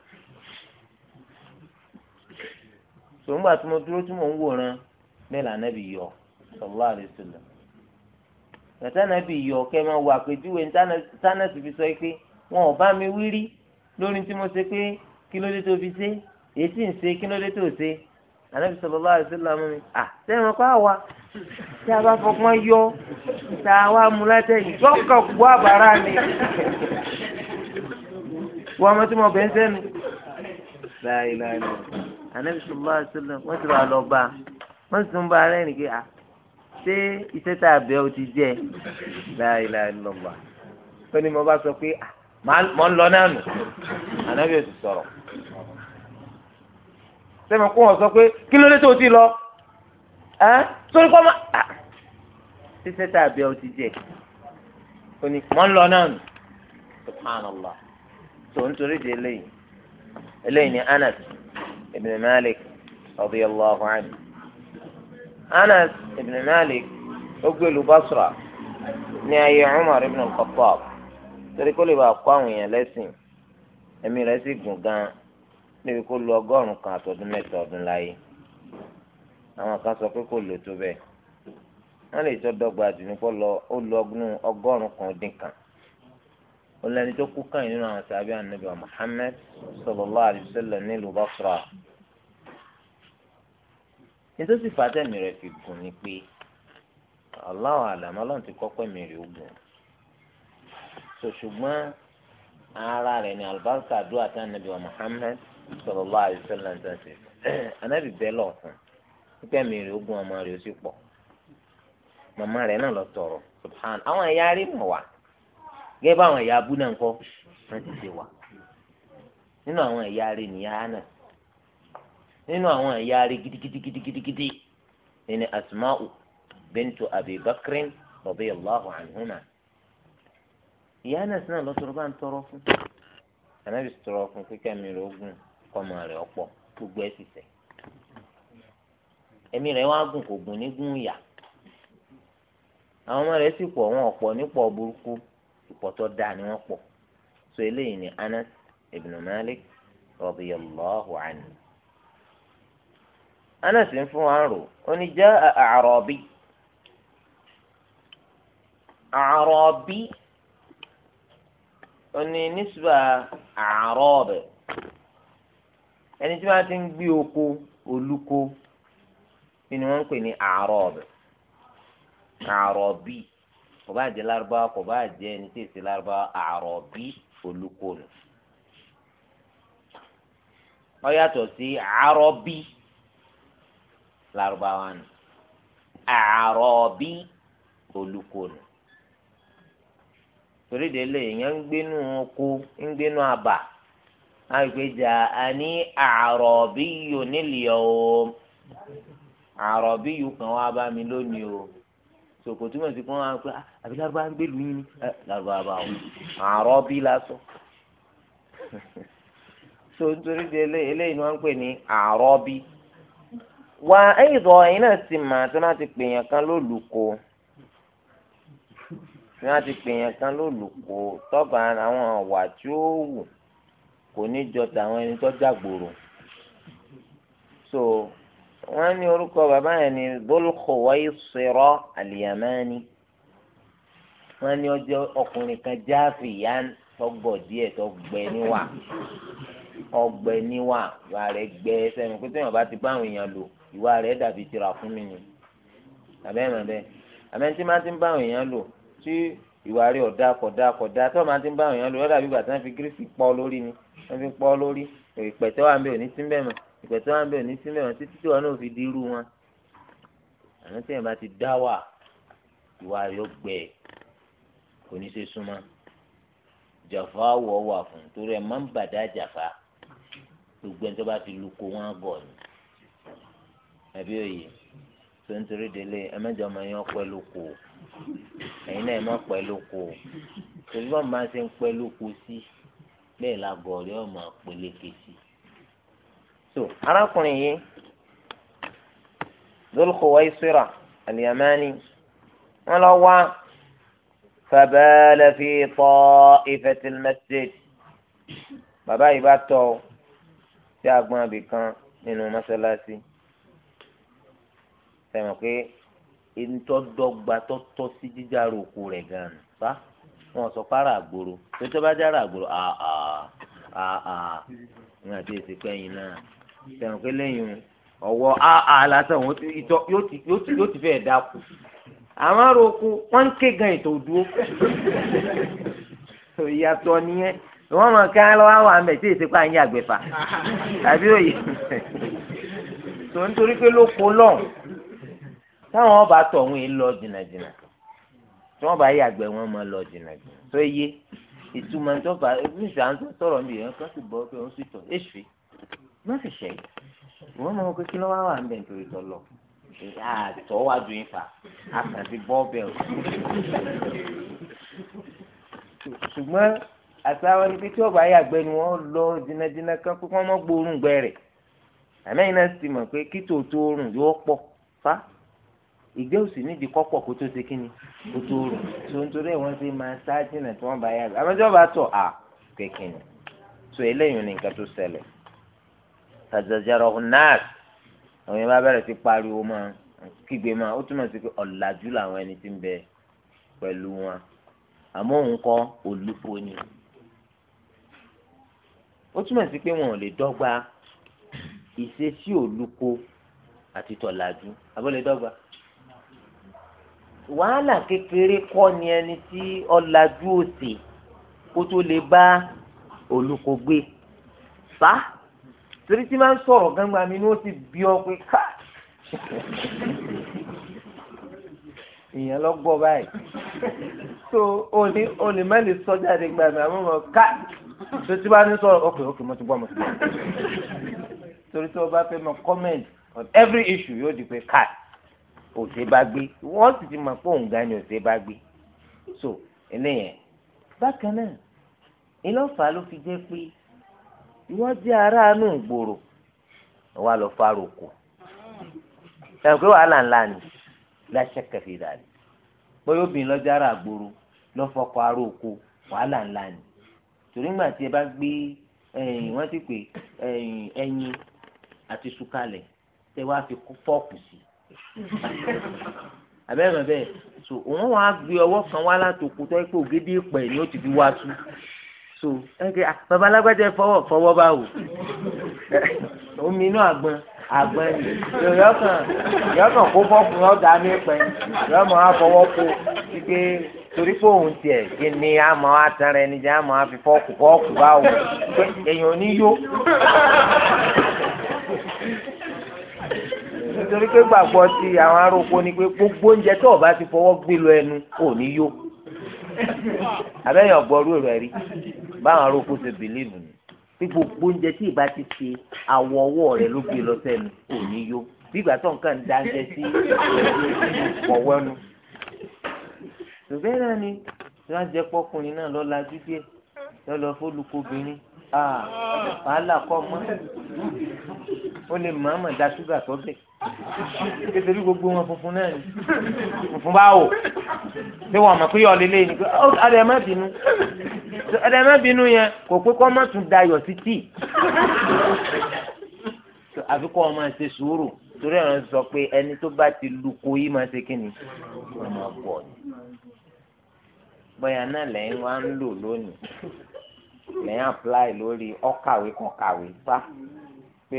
tí bẹ́ẹ̀ lànàbì yọ sallallahu alaihi wasallam nàtànàbì yọ kẹ́ máa wọ àpèjúwe tánàtì fi sọ pé wọn ò bá mi wí rí lórí tí mo ṣe pé kí ló dé tó fi ṣe èyí tí ń ṣe kí ló dé tó ṣe ànàbì sallallahu alaihi wasallam mi à sẹ́wọ̀n pa wá tí a bá fọgbọ́n yọ tá a wá mú látẹ̀yìn gbọ́ǹkà kú àbára ni wọ́n mọ̀ tí mo bẹ̀ ń sẹ́nu. láìláìláì ànàbì sallallahu alaihi wasallam wọ́n ti rà lọ wọ́n sì tún bá ara ẹ̀rìn pé à ṣé iṣẹ́ tá a bẹ̀ ọ́ ti jẹ́ láìláì lọ́gbà ó ní mo bá sọ pé mọ̀ ń lọ náà nù ànábì ò sì sọ̀rọ̀ sẹ́mi kó wọ́n sọ pé kí ló dé tó ti lọ ẹ́ sórí kọ́ máa ṣíṣẹ́ tá a bẹ̀ ọ́ ti jẹ́ ó ní mọ̀ ń lọ náà nù subhanallah tó ń torí di eléyìí eléyìí ni Anas ibn Malik radiyallahu anhu. Anas ibn Malik ó gbé lu Basra ní ayé Umar ibn al-Khattab torí kó lè bá kó àwọn èèyàn lẹ́sìn kan àtọ́dún mẹ́ta ọdún láyé àwọn kan sọ pé kò lò tó bẹ́ẹ̀ wọ́n lè tọ́ dọ́gba àdùnnúkọ́ lọ ó lu kan alaihi nítorí sì fàtẹ́mi rẹ̀ fi gùn ni pé Allahu àlàmọ́ ọlọ́run ti kọ́kọ́ mi rè ogun so ṣùgbọ́n ara rẹ̀ ni alibarika àdúrà tí anabi wa Muhammad sallallahu alaihi wasallam ń tẹ̀sí anabi bẹ́ẹ̀ lọ fún pípẹ́ mi rè ogun ọmọ rẹ̀ ó sì pọ̀ màmá rẹ̀ náà lọ tọrọ subhan àwọn ẹ̀yà rí mọ̀ wá gẹ́gẹ́ bá àwọn ẹ̀yà abú náà wọ́n ti ṣe wà nínú àwọn ẹ̀yà rí nìyá náà. nínú àwọn ẹ̀yà rẹ̀ gidigidigidigidi ẹni asma'u bintu abi bakrin radiyallahu anhuma ìyá náà sinà bá ń tọrọ fún anábì tọrọ fún kíkẹ́ mi rẹ̀ ogun kọ́mọ rẹ̀ ọ̀pọ̀ gbogbo ẹ̀ sì sẹ̀ ẹ̀mí rẹ̀ wá gùn kò gùn ní gùn yà àwọn ọmọ rẹ̀ sì pọ̀ wọn ọ̀pọ̀ burúkú ni wọ́n pọ̀ so eléyìí ni Anas ibn Malik Anas ń fún wa ń rò ó ní jẹ́ àrọ̀bí nísìbà ẹni tí ti ń gbé oko olùkó ni wọ́n ń pè ní àrọ̀bẹ̀ àrọ̀bí kò bá laraba lárúbáwá kò bá jẹ́ ẹni tí èsì lárúbáwá àrọ̀bí olùkó nù yàtọ̀ sí lárúbáwá nù àrọ̀bí olùkọ́nù torí délé èèyàn ń gbénú oko ń gbénú àbà àgbèjà àní àrọ̀bí yò nílìí o àrọ̀bí yò kàn wá bá mi lónìí o sòkò túmọ̀ sí fún wa pé ah, àbí lárúbáwá ń gbèlú yín ni eh, lárúbáwá o lásán so nítorí délé eléyìí ni wọ́n ń pè ní àrọ̀bí wà ẹ̀yìnbọ̀ ẹ̀yin náà sì mà tí wọ́n ti pèèyàn kan lólùkọ́ tí wọ́n ti pèèyàn kan lólùkọ́ tọ́ba àwọn ọ̀wà tí ó wù kò ní jọ tàwọn ẹni tó jàgbòrò so wọ́n ní orúkọ bàbá yẹn ní Dhul-Khuwaysira al-Yamani wọ́n ní ọjọ́ ọkùnrin kan jáàfì yá tọgbọ díẹ̀ tọgbẹ níwà ọgbẹ níwà wà rẹ gbẹ sẹni pé tẹyàn bá ti bá àwọn èèyàn lò ìwà rẹ̀ dàbí tira fún mi ni àbẹ́rẹ́ bẹ́ẹ̀ àmẹ́ tí máa ti ń bá àwọn èèyàn lò tí ìwà rẹ̀ ọ̀dà kọ̀dà kọ̀dà tó máa ti ń bá àwọn èèyàn lò ó dàbí ìgbà tí wọ́n fi gírísì pọ́ lórí ni wọ́n fi pọ́ lórí ìpẹ̀tẹ́ wà ń bẹ̀ òní sí bẹ́ẹ̀ mọ̀ ìpẹ̀tẹ́ wà ń bẹ̀ òní sí bẹ́ẹ̀ mọ̀ títí tí wọn náà fi di irú wọn. àmọ́ tí èèyàn bá ti dá wà ìwà rẹ̀ ó kò ní ṣe súnmọ́ jàfá wọ̀ wà fún torí ẹ̀ máa ń bàdá jàfá gbogbo ẹni tó bá ti lu ko wọn bọ̀ ni àbí òye tó ń torí délé ẹmẹjọ ọmọ yẹn pẹ̀lú kù ẹ̀yin náà ẹ má pẹ̀lú kù torí bọ́ọ̀ máa ṣe ń pẹ̀lú kù sí bẹ́ẹ̀ la gọ̀ọ́rẹ́ ọmọ peléke sí. so arákùnrin yìí Dhul Khuwaysira al-Yamani wọn lọ wá fabala fi ta'ifatil masjid bàbá yìí bá tọ̀ sí agbọn abìkan nínú mọ́sálásí sẹ́wọ̀n pé ntọ́dọ́gba tọ́tọ́ sí jíjára òkú rẹ̀ gan-an bá wọn sọ para àgbòrò tó tó bá jára àgbòrò àà àà ní àti èsì pẹ́yìn náà sẹ́wọ̀n pé lẹ́yìn ọwọ́ àà lásán yóò ti fẹ́ dákú àwọn aróko wọn ń ké gan ètò dúró ìyàtọ̀ nìyẹn wọ́n mọ̀ kí wọ́n wá wà mẹ́ tí èsì pa ń yàgbẹ́fà tàbí òye tó ń torí pé ló kó lọ́hùn táwọn bá tọ̀ wọn lọ jìnnàjìnnà tí wọ́n bá yàgbẹ́ wọn máa lọ jìnnàjìnnà tó yé ìtumọ̀ tó bá níṣẹ́ à ń sọ̀rọ̀ mi yẹn kán bọ́ pé òun sì tọ̀ èṣù má fi ṣẹ̀ wọ́n mọ̀ pé kí ló wá wà ń nítorí tọ́ lọ àtọ̀ wá ju ìfà àkàtì bọ́ bẹ̀ o ṣùgbọ́n àtàwọn ibi tí ọba yàgbẹ́ ni wọ́n lọ jìnnàjìnnà kan pé wọ́n mọ̀ gbóòórùn gbẹ àmẹ́yìn náà sì mọ̀ pé kí tòótọ́ oorun yóò pọ̀ fa ìgbẹ́ òsì nídìí kọ́pọ̀ kó tó ṣe kí ni kó tó rò tó ń torí ẹ̀wọ̀n ṣe máa ṣáájì náà tí wọ́n bá yàgbẹ́ àmọ́ tí wọ́n bá tọ̀ à kékin ni tó eléyìí ni nǹkan tó ṣẹlẹ̀ tàjàjàrọ̀ náà àwọn yẹn bá bẹ̀rẹ̀ sí pariwo máa kígbe máa ó túmọ̀ sí pé ọ̀làjú làwọn ẹni tí ń bẹ pẹ̀lú wọn àmọ́ òun kọ́ olúfo ni ó túmọ̀ sí pé wọn ò lè dọ́gba ìṣesí olùkọ́ àti tọ̀làjú àbọ̀lẹ̀ dọ́gba wàhálà kékeré kọ́ ni ẹni tí ọ̀làjú òsè kó tó lè bá olùkọ́ gbé fa torí tí máa ń sọ̀rọ̀ gangba mi ni ó ti bí ọ pé ká èèyàn lọ gbọ́ báyìí so òní òní má lè sọ jáde gba mi àmọ́ ká tó tí bá ní sọ̀rọ̀ ok ok mo ti gbọ́ mo ti gbọ́ torí tí wọ́n bá fẹ́ mọ comment on every issue yóò di pé ká òsè bá gbé wọ́n sì ti mọ̀ pé òun gan ni òsè bá gbé so eléyẹn bákan náà ìlọ́fà ló fi jẹ́ pé ìwọ́n jẹ́ aráàánú ìgboro wà lọ fárò kù ẹ̀rù pé wàhálà ńlá ni láṣẹ kẹfì dàrí bóyá obìnrin lọ́jọ́ ara àgbòrò lọ́fọkọ̀ aró oko wàhálà ńlá ni torí ńgbà tí ẹ bá gbé wọ́n ti pè ẹyin àti sùkàlẹ̀ tẹ wá fi fọ́ọ̀kù sí i àbẹ́rẹ́ bẹ́ẹ̀ so òun wàá gbé ọwọ́ kan wá látòkù tó pé ògidì ìpẹ́ ni ó ti fi wá tú so ẹ̀kẹ́ babalágbájẹ́ fọwọ́ fọwọ́ bá wò omi inú àgbọn àgbọn ni yọkàn yọkàn kó fọ́ọ̀kù yọ dá ní ìpẹ́ yọmọ àfọwọ́ kó wípé torí pé òun tiẹ̀ kí ni àmọ́ àtàrà ẹni jẹ́ àmọ́ àfi fọ́ọ̀kù fọ́ọ̀kù bá wò pé èèyàn ní yó. nítorí pé gbàgbọ́ ti àwọn aróko ni pé gbogbo oúnjẹ tó o bá ti fọwọ́ gbé lọ ẹnu ò ní yó àbẹ́yẹn ọ̀gbọ́rú rẹ̀ rí báwọn aróko ṣe bìlíìfù ni bí gbogbo oúnjẹ tí ìbá ti ṣe àwọ̀ ọwọ́ rẹ̀ ló gbé lọ sẹ́nu ò ní yó bí ìgbà tó nǹkan dáńjẹ sí ọwọ́ ẹnu. ṣùgbọ́n ni wọ́n á jẹ pọ́kùnrin náà lọ́la dídíẹ̀ lọ́lọ́ fólùkọ́bìnrin wàhálà kọ́ o ó lè mọ̀ọ́mọ̀ da ṣúgà sọ́bẹ̀ kékeré gbogbo wọn funfun náà ni funfun bá wò ṣé wọn mọ̀ pé yọ̀ lélẹ̀ ni ọ̀dà ẹ̀ má bínú ọ̀dà ẹ̀ má bínú yẹn kò pé kọ́ má tún dayọ̀ sí tíì àfi kọ́ ọ máa ṣe sùúrù torí ẹ̀rọ ń sọ pé ẹni tó bá ti lu ko yìí máa ṣe kíni ọmọ bọ̀ ni bọ́yà náà lẹ́yìn wá ń lò lónìí lẹ́yìn apply lórí ọ̀kàwé kan kàwé fa pé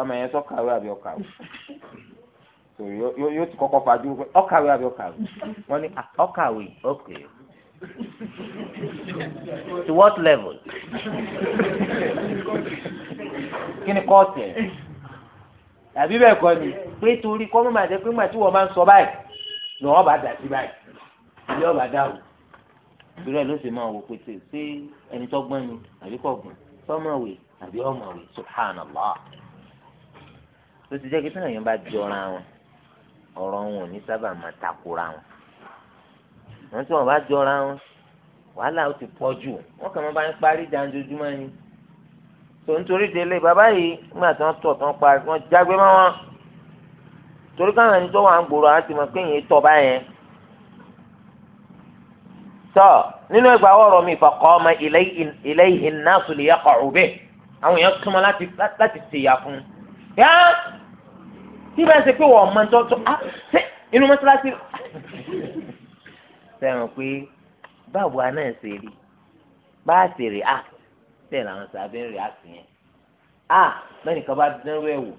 ọmọ yẹn sọ kàwé àbí ọ̀kàwé so yóò ti kọ́kọ́ fajú pé ọ̀kàwé àbí ọ̀kàwé wọ́n ní ah, ọ̀kàwé okay to what level kí ni kọ́ọ̀tì ẹ̀ àbí bẹ́ẹ̀ kọ́ ni pé torí kọ́ mọ́ màá jẹ́ pé màá tí wọ́n máa ń sọ báyìí lọ́wọ́ bá dà sí báyìí ilé ọ̀bà dáhùn ìrẹ́ ló sì máa wò pé ṣé ẹni tó gbọ́n ni àbí kò gbọ́n sọ́mọ̀wé àbí ọ̀mọ̀wé subhanallah ló ti jẹ́ kí táwọn èèyàn bá jọra wọn ọ̀rọ̀ wọn ò ní sábà máa takora wọn wọn tí wọn bá jọra wọn wàhálà ó ti pọ̀ jù wọn kàn máa bá ń parí janjojúmọ́ ni tó ń torí délé bàbá yìí nígbà tí wọ́n tọ̀ tán parí wọ́n jágbé mọ́ wọn torí káwọn ẹni tó wà ń gbòòrò tọ́ nínú ẹgbàá ọ̀rọ̀ mi ìfọ̀kọ́ ọmọ ilé ìhìn náà sùn lè yẹ kọ̀ ọ̀bẹ àwọn èèyàn túmọ̀ láti ṣèyà fún un. yá tí bá ń ṣe pé wọ́n mọ tó tó á ah, ṣe inú mọ́ṣáláṣí. sẹ́wọ̀n pé báwo aná ẹ̀ ṣe rí bá a ṣe rí a ah, bẹ́ẹ̀ làwọn sàbẹ̀ ń rí a ah, yẹn a lẹ́yìn kan bá dánwó ẹ̀ wò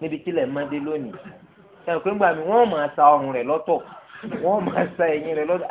níbi tílẹ̀ mọ́dé lónìí sẹ́wọ̀n pé ńgbà mi wọ́n máa sa ọrùn rẹ̀ lọ́tọ̀ wọ́n máa sa ẹ̀yìn rẹ̀ lọ́tọ̀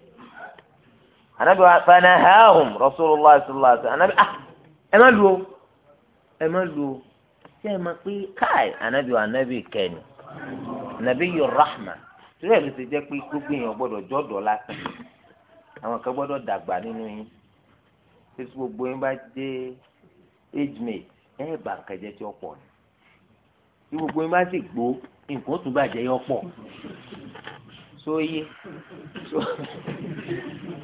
anabi wa a rasulillah sallallahu alaihi ah ẹ o ẹ o ṣé ẹ má pé káì anabi wa anabi kẹni anabi yi rahma tí wọn lè jẹ pé gbogbo èèyàn gbọ́dọ̀ jọdọ lásán àwọn kan gbọ́dọ̀ dàgbà nínú yín gbogbo yín bá age mate ẹ bá nǹkan ni gbogbo yín bá sì gbó nǹkan yọ sóyè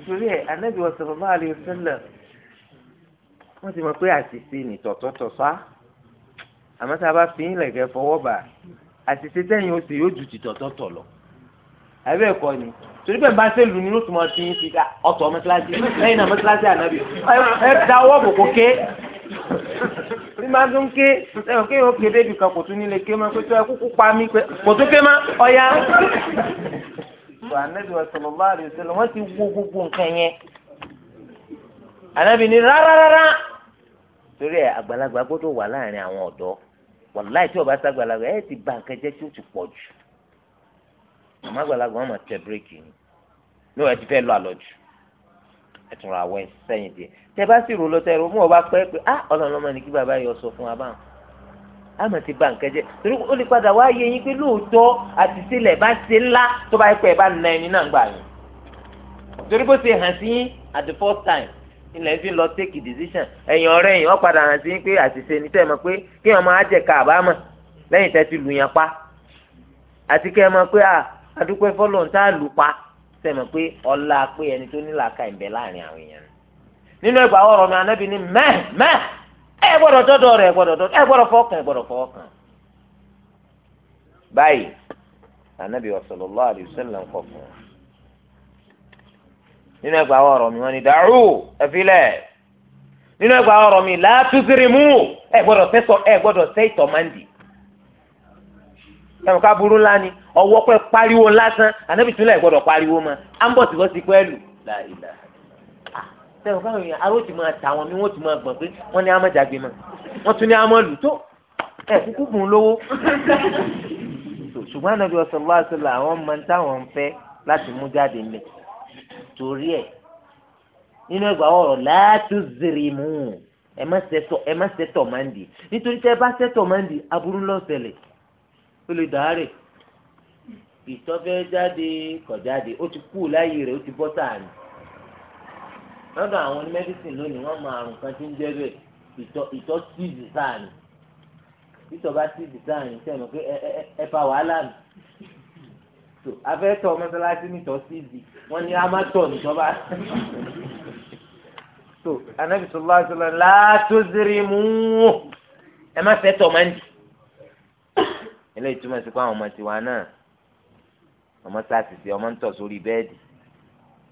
torí ẹ anábì wa sallallahu alaihi wasallam wọ́n ti mọ̀ pé àṣìṣe ní tọ̀tọ̀tọ̀fá àmọ́ tá a bá fi yín lẹ̀kẹ́ fọwọ́ bà àṣìṣe tẹ̀yìn ó sì yóò ju ti tọ̀tọ̀tọ̀ lọ àbẹ́ ẹ̀kọ́ ni torí bẹ́ẹ̀ bá ṣe lù ní lóṣù máa fi yín fi ọ̀tọ̀ mẹ́tíláṣí lẹ́yìn náà mẹ́tíláṣí ànábì ẹ dáwọ́ bò kó ké tí máa tún ké ẹ̀wọ̀n ké yóò ké débi kan kò tún nílé ké máa pé tó ẹ kúkú pa mí pé kò tún ké má ọ̀ya. ànábì sallallahu alaihi wasallam wọ́n ti wo gbogbo nǹkan yẹn ànábì ni rárá torí ẹ àgbàlagbà gbọ́dọ̀ wà láàrin àwọn ọ̀dọ́ wàláì tí o bá sàgbàlagbà ẹ ti ba nǹkan jẹ́ tí ó ti pọ̀ jù àmọ́ àgbàlagbà wọn máa tẹ bírèkì ni ní wọ́n ti fẹ́ lọ àlọ́jù ẹtùrọ àwọn ẹsẹyìn díẹ̀ tẹ bá sì rò lọtẹ rò mú ọba pẹ pé ah Ọlọ́run ọmọ ní kí bàbá yọ sọ fún wa báwọn àmọ́ ti torí ó lè padà wá yín pé àti bá ṣe ńlá tó bá pẹ bá na ẹni náà gbà yín torí bó ṣe hàn sí yín at lọ take a decision ẹ̀yìn ọ̀rẹ́ yìí wọ́n padà hàn sí yín pé àṣìṣe ni tẹ́ ẹ mọ̀ pé kí ọmọ ti lù yàn pa àti kẹ́ ẹ mọ̀ pé ah, lù pa sẹ́mi pé ọlá pé ẹni tó ní làákà ìbẹ̀ láàrin àwọn èèyàn nínú ẹgbàá ọ̀rọ̀ mi anábì ní mẹ́ mẹ́ ẹ gbọ́dọ̀ dọ́dọ̀ rẹ̀ ẹ gbọ́dọ̀ dọdọ, ẹ gbọ́dọ̀ fọwọ́kàn ẹ gbọ́dọ̀ fọwọ́kàn. báyìí anábì sallallahu alaihi wasallam ń kọ fún un nínú mi dàrú nínú mi ẹ ẹ mandi. ẹ̀rọ ká burú ńlá ni ọwọ́ pẹ́ pariwo lásán ànábì túlẹ̀ gbọ́dọ̀ pariwo mọ́ à ń bọ̀ sí bọ́sí pẹ́ẹ́lù láìlà. sẹ́wọ̀n ah, káwọn èèyàn aró ti máa tà wọn ni wọ́n ti máa gbọ̀n pé wọ́n ní amájàgbé mọ́ wọ́n tún ní amọ́lù tó ẹ̀ kúkú bùn lówó. ṣùgbọ́n ànábì ọ̀sán lọ́wọ́ àti ọ̀la àwọn máa ń táwọn fẹ́ láti mú jáde mẹ́ torí ẹ̀ nínú ẹgbàá ọ̀rọ̀ látúzìrìmù ẹ má sẹ́tọ̀ máa ń dì nítorí tẹ́ bá sẹ́tọ̀ máa ń dì aburú ló ṣẹlẹ̀ ó lè dàárẹ̀ ìtọ́fẹ́ jáde kọ̀jáde ó ti kú láyé rẹ̀ ó ti bọ́ sáàrin lọ́dọ̀ àwọn onímẹ́dísìn lónìí wọ́n mọ àrùn kan tí ń jẹ́ bẹ́ẹ̀ ìtọ̀ ìtọ̀ tíìzì sáàrin títọ̀ bá tíìzì sáàrin sẹ́nu pé ẹ fa wàhálà mi tó afẹ́tọ̀ mọ́sálásí nìtọ̀ tíìzì wọ́n ní amátọ̀ nìtọ́ba tó anábìsọ̀lá sọlá látó zèrè mú ẹ má fẹ́ tọ̀ máa ń dì eléyìí túmọ̀ sí pé àwọn ọmọ tiwa náà ọmọ sàṣìṣe ọmọ ń tọ̀ sórí bẹ́ẹ̀dì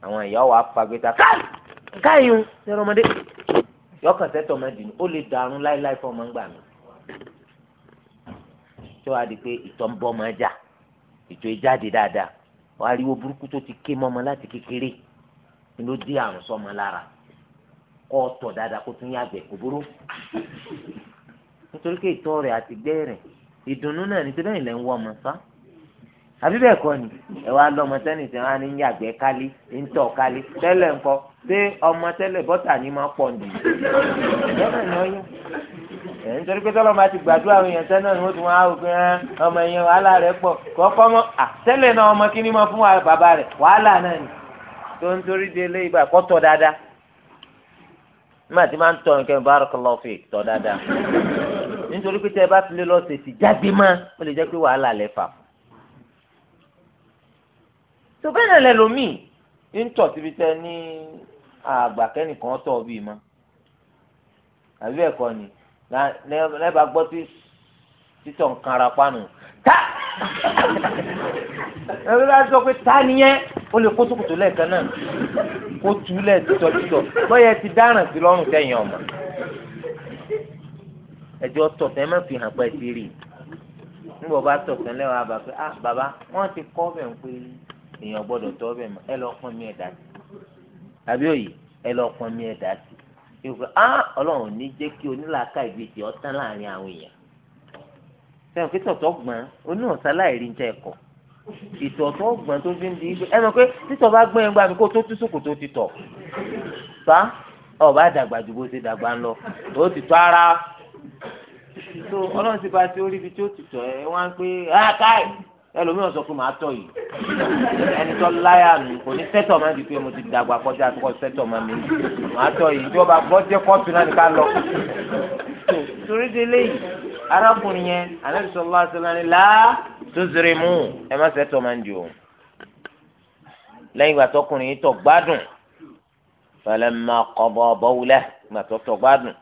àwọn ìyá wa fagbéta káì káyún sẹ́rọ ọmọdé yọkàn sẹ́tọ̀ ọmọdé ni ó lè dàrún láíláí fún ọmọ ń gbà mí tó a di pé ìtọ̀ ń bọ́ ọmọ jà ìtọ̀ ìjáde dáadáa wàá rí wo burúkú tó ti ké mọ́ ọmọ láti kékeré ni ló dé àrùn sọmọ lára kọ́ ọ dáadáa kó tún yàgbẹ́ kò burú nítorí pé ìtọ̀ rẹ̀ àti gbẹ́ ìdùnnú náà ní ìlẹ̀ ń wọ ọmọ sá àbí bẹ́ẹ̀ kọ́ ni ẹ wá lọ́mọ tẹ́nì tí wọ́n ní yàgbẹ́ kálí ń kálí tẹ́lẹ̀ ọmọ tẹ́lẹ̀ bọ́tà ni máa pọ̀ nù lọ́nà ni ó yẹ ẹ̀ ń torí pé tọ́lọ́ máa àwọn èèyàn tẹ́lẹ̀ ni wọ́n ti wọ́n á wò pé ọmọ yẹn wàhálà rẹ̀ pọ̀ kọ́kọ́ tẹ́lẹ̀ náà ọmọ kí ni máa fún bàbá rẹ̀ wàhálà náà nítorí pé tẹ ẹ bá fi lé lọ ṣèṣì jáde mọ́ ó lè jẹ́ pé wàhálà lẹ fà fún. tó bẹ́ẹ̀ náà lẹ́lòmíì ń tọ̀ síbi tẹ ní àgbà kẹ́nìkan tọ̀ bíi mọ́ àbí ẹ̀kọ́ ni lẹ́ẹ̀bà gbọ́ tí títọ̀ nǹkan ara panu tá ẹ̀rọ bá sọ pé tá nìyẹn ó lè kó sókòtò lẹ́ẹ̀kan náà kó tù ú lẹ́ẹ̀ títọ̀ títọ̀ bọ́yẹ ti dáràn sí lọ́rùn sẹ́yìn ọ̀mọ́ ẹjọ́ tọ̀tàn ẹ má fi hàn pẹ́ ti rí i níbo bá tọ̀tàn lẹ́wọ̀n àbá pé ah bàbá wọ́n ti kọ́ bẹ̀ ń pé èèyàn gbọ́dọ̀ tọ́ bẹ̀ mọ́ ẹ lọ pọ́n mi ẹ̀dá sí àbí òye ẹ lọ pọ́n mi ẹ̀dá sí ìgbà ah ọlọ́run ní jẹ́ kí onílàákà ìbejì ọ̀tán láàrin àwọn èèyàn sẹ́wọ̀n kí tọ̀tọ̀ gbọ́n oníwọ̀nsá láìrí njẹ́ ẹ̀kọ́ ìtọ̀tọ̀ gbọ́n tó fi ń di ẹ mọ̀ pé títọ̀ bá gbọ́n yẹn gbà mí kó tó tún sòkòtò ti tọ̀ bá ọ̀ bá dàgbà ju bó ṣe dàgbà ń lọ ó ti tọ́ ara so ọlọ́run ti ba ti orí ibi tí ó ti tọ̀ ẹ́ wọ́n á pé ah, káì ẹlòmíràn sọ fún mi àtọ̀ yìí ẹni tó láyà mi kò ní sẹ́tọ̀ máa di pé mo ti dàgbà kọjá àtúkọ̀ sẹ́tọ̀ máa mi màá tọ̀ yìí tí wọ́n bá gbọ́ jẹ́ kọ́ọ̀tù náà ní ká lọ. torí de léyìí arákùnrin yẹn anabi sọlá sọlá ni láà tó zèrè mú ẹ má sẹ́tọ̀ máa ń di òun. lẹ́yìn ìgbà tọkùnrin yìí tọ̀ gbádùn falamma qada bawlahu ìgbà tó tọ̀ gbádùn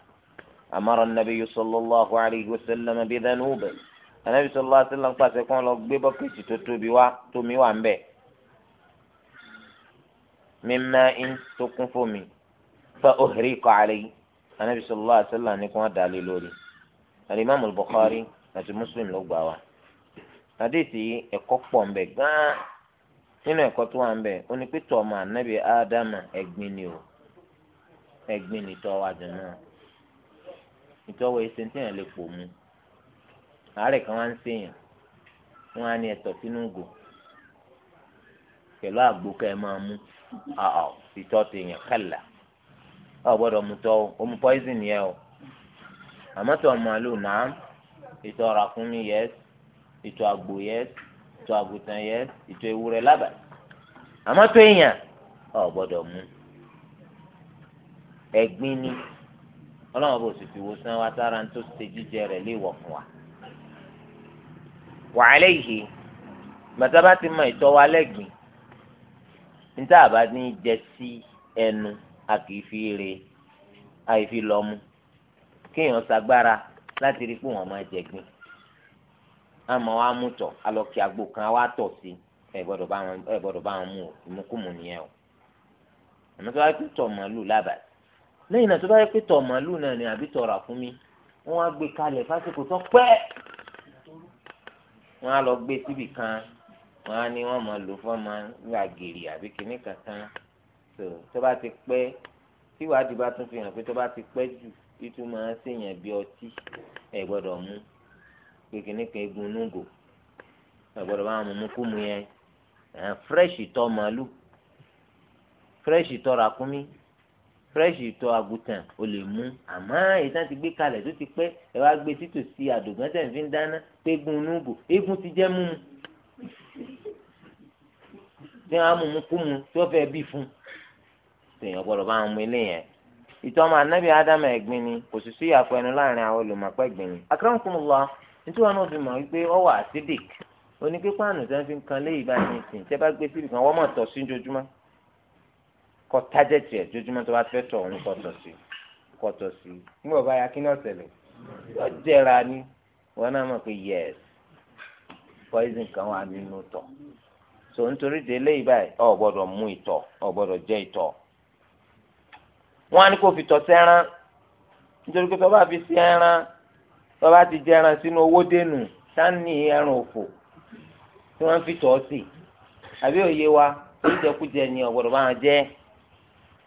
amara nabi sallallahu alayhi wa sallam bi dhanubi anabi sallallahu alayhi wa sallam pàṣẹ kàn lọ gbé bọ́kìtì tó tóbi wá tómi wà ń bẹ̀ mímá in tó kún fómi fa uhriqa alayhi anabi sallallahu alayhi wa sallam ní kí wọ́n dàlé lórí alimami bukhari àti muslim ló gbà wá àdéhìí ẹ̀kọ́ pọ̀ ń bẹ̀ gán nínú ẹ̀kọ́ tó wà ń bẹ̀ onípẹ̀tọ̀ ọmọ anabi ádámà ẹ̀gbin ni o ẹ̀gbin ni tọ́ wa jù náà ìtọ́wọ́ ẹsẹ̀ tí èèyàn lè pò mu àárẹ̀ kan wá ń ṣèyàn wọ́n á ní ẹ̀tọ́ sínú ògò pẹ̀lú àgbo ká ẹ máa mú àà ìtọ́ ti yàn kàlà ọ gbọ́dọ̀ mu tọ́ o ó poison yẹ o àmọ́ tó ọmọ àlò náà ìtọ̀ ràkúnmí yes ìtọ̀ àgbò yes ìtọ̀ àgùntàn yes ìtọ̀ ewúrẹ́ lábà àmọ́ tó èèyàn ọ gbọ́dọ̀ mu ẹ̀gbin ni ọlọ́run bò sì fi wòsàn wa sára tó ṣe jíjẹ rẹ̀ léèwọ̀ fún wa. wàhálà yìí màtábà ti mọ ìtọ́ wa lẹ́gbìn níta àbá ní jẹ sí ẹnu a kì í fi re a kì í fi lọ mu kéèyàn ṣagbára láti rí pé wọ́n máa jẹ gbìn àmọ́ wa mú tọ̀ alọ́kí agbo kan wa tọ̀ sí ẹ gbọ́dọ̀ bá wọn mú ìmúkùmù nìyẹn o àmọ́ tó wá tó tọ̀ màálù lábàtì lẹ́yìn náà tó bá yẹ pé tọ̀ màálù náà ni àbí tọ̀ ràkúnmí wọ́n á gbé kalẹ̀ fásitì tó pẹ́ wọ́n á lọ gbé síbì kan wọ́n á ní wọ́n máa lò fún ọmọ àgèrè àbí kìnnì kankan tó bá ti pẹ́ tí ìwádìí bá tún fi hàn pé tó bá ti pẹ́ jù títún máa ń ṣèyàn bí ọtí ẹ gbọ́dọ̀ mú pé kìnnì kan egun núgò ẹ gbọ́dọ̀ bá mú kú mu yẹn fírẹ́ṣì tọ̀ màálù fírẹ́ṣì tọ̀ ràkúnmí fresh ìtọ̀ àgùntàn o lè mú àmọ́ ìtàn ti gbé kalẹ̀ tó ti pẹ́ ẹ wá gbé títò sí àdògán tẹ̀ ń fi ń dáná pégun núbò eégún ti jẹ́ múmu tí wọ́n á mú mu kú mu tí wọ́n fẹ́ bí fún tèèyàn gbọ́dọ̀ bá wọn mú ilé yẹn ìtọ́ ọmọ anábì ádámà ẹ̀gbin ni kò sì sí ìyàpọ̀ ẹnu láàrin àwọn olùmọ̀pẹ́ ẹ̀gbin ni. akramakumullah nítorí wọn náà fi mọ̀ wípé ó wà acidic onípípáànù tí wọ́n fi ń kan léyìí báyìí nìsín tẹ́ bá gbé síbi kan wọ́n mọ̀ tọ̀ sí ojoojúmọ́ kọ tájẹ̀tì ẹ̀ jójúmọ́ tó bá fẹ́ tọ̀ ọ̀hún kọ̀tọ̀ sí kọ̀tọ̀ ya kí ni ọ̀sẹ̀lẹ̀ yóò wọn náà mọ̀ pé poison kan wà nínú tọ̀ so nítorí délé ọ̀ gbọ́dọ̀ mú ìtọ̀ ọ̀ gbọ́dọ̀ jẹ́ ìtọ̀ á ní kó fi fi sí ẹran ti sínú owó dénú ẹran òfò tí wọ́n fi tọ̀ sí àbí òye wa ni bá wọn jẹ́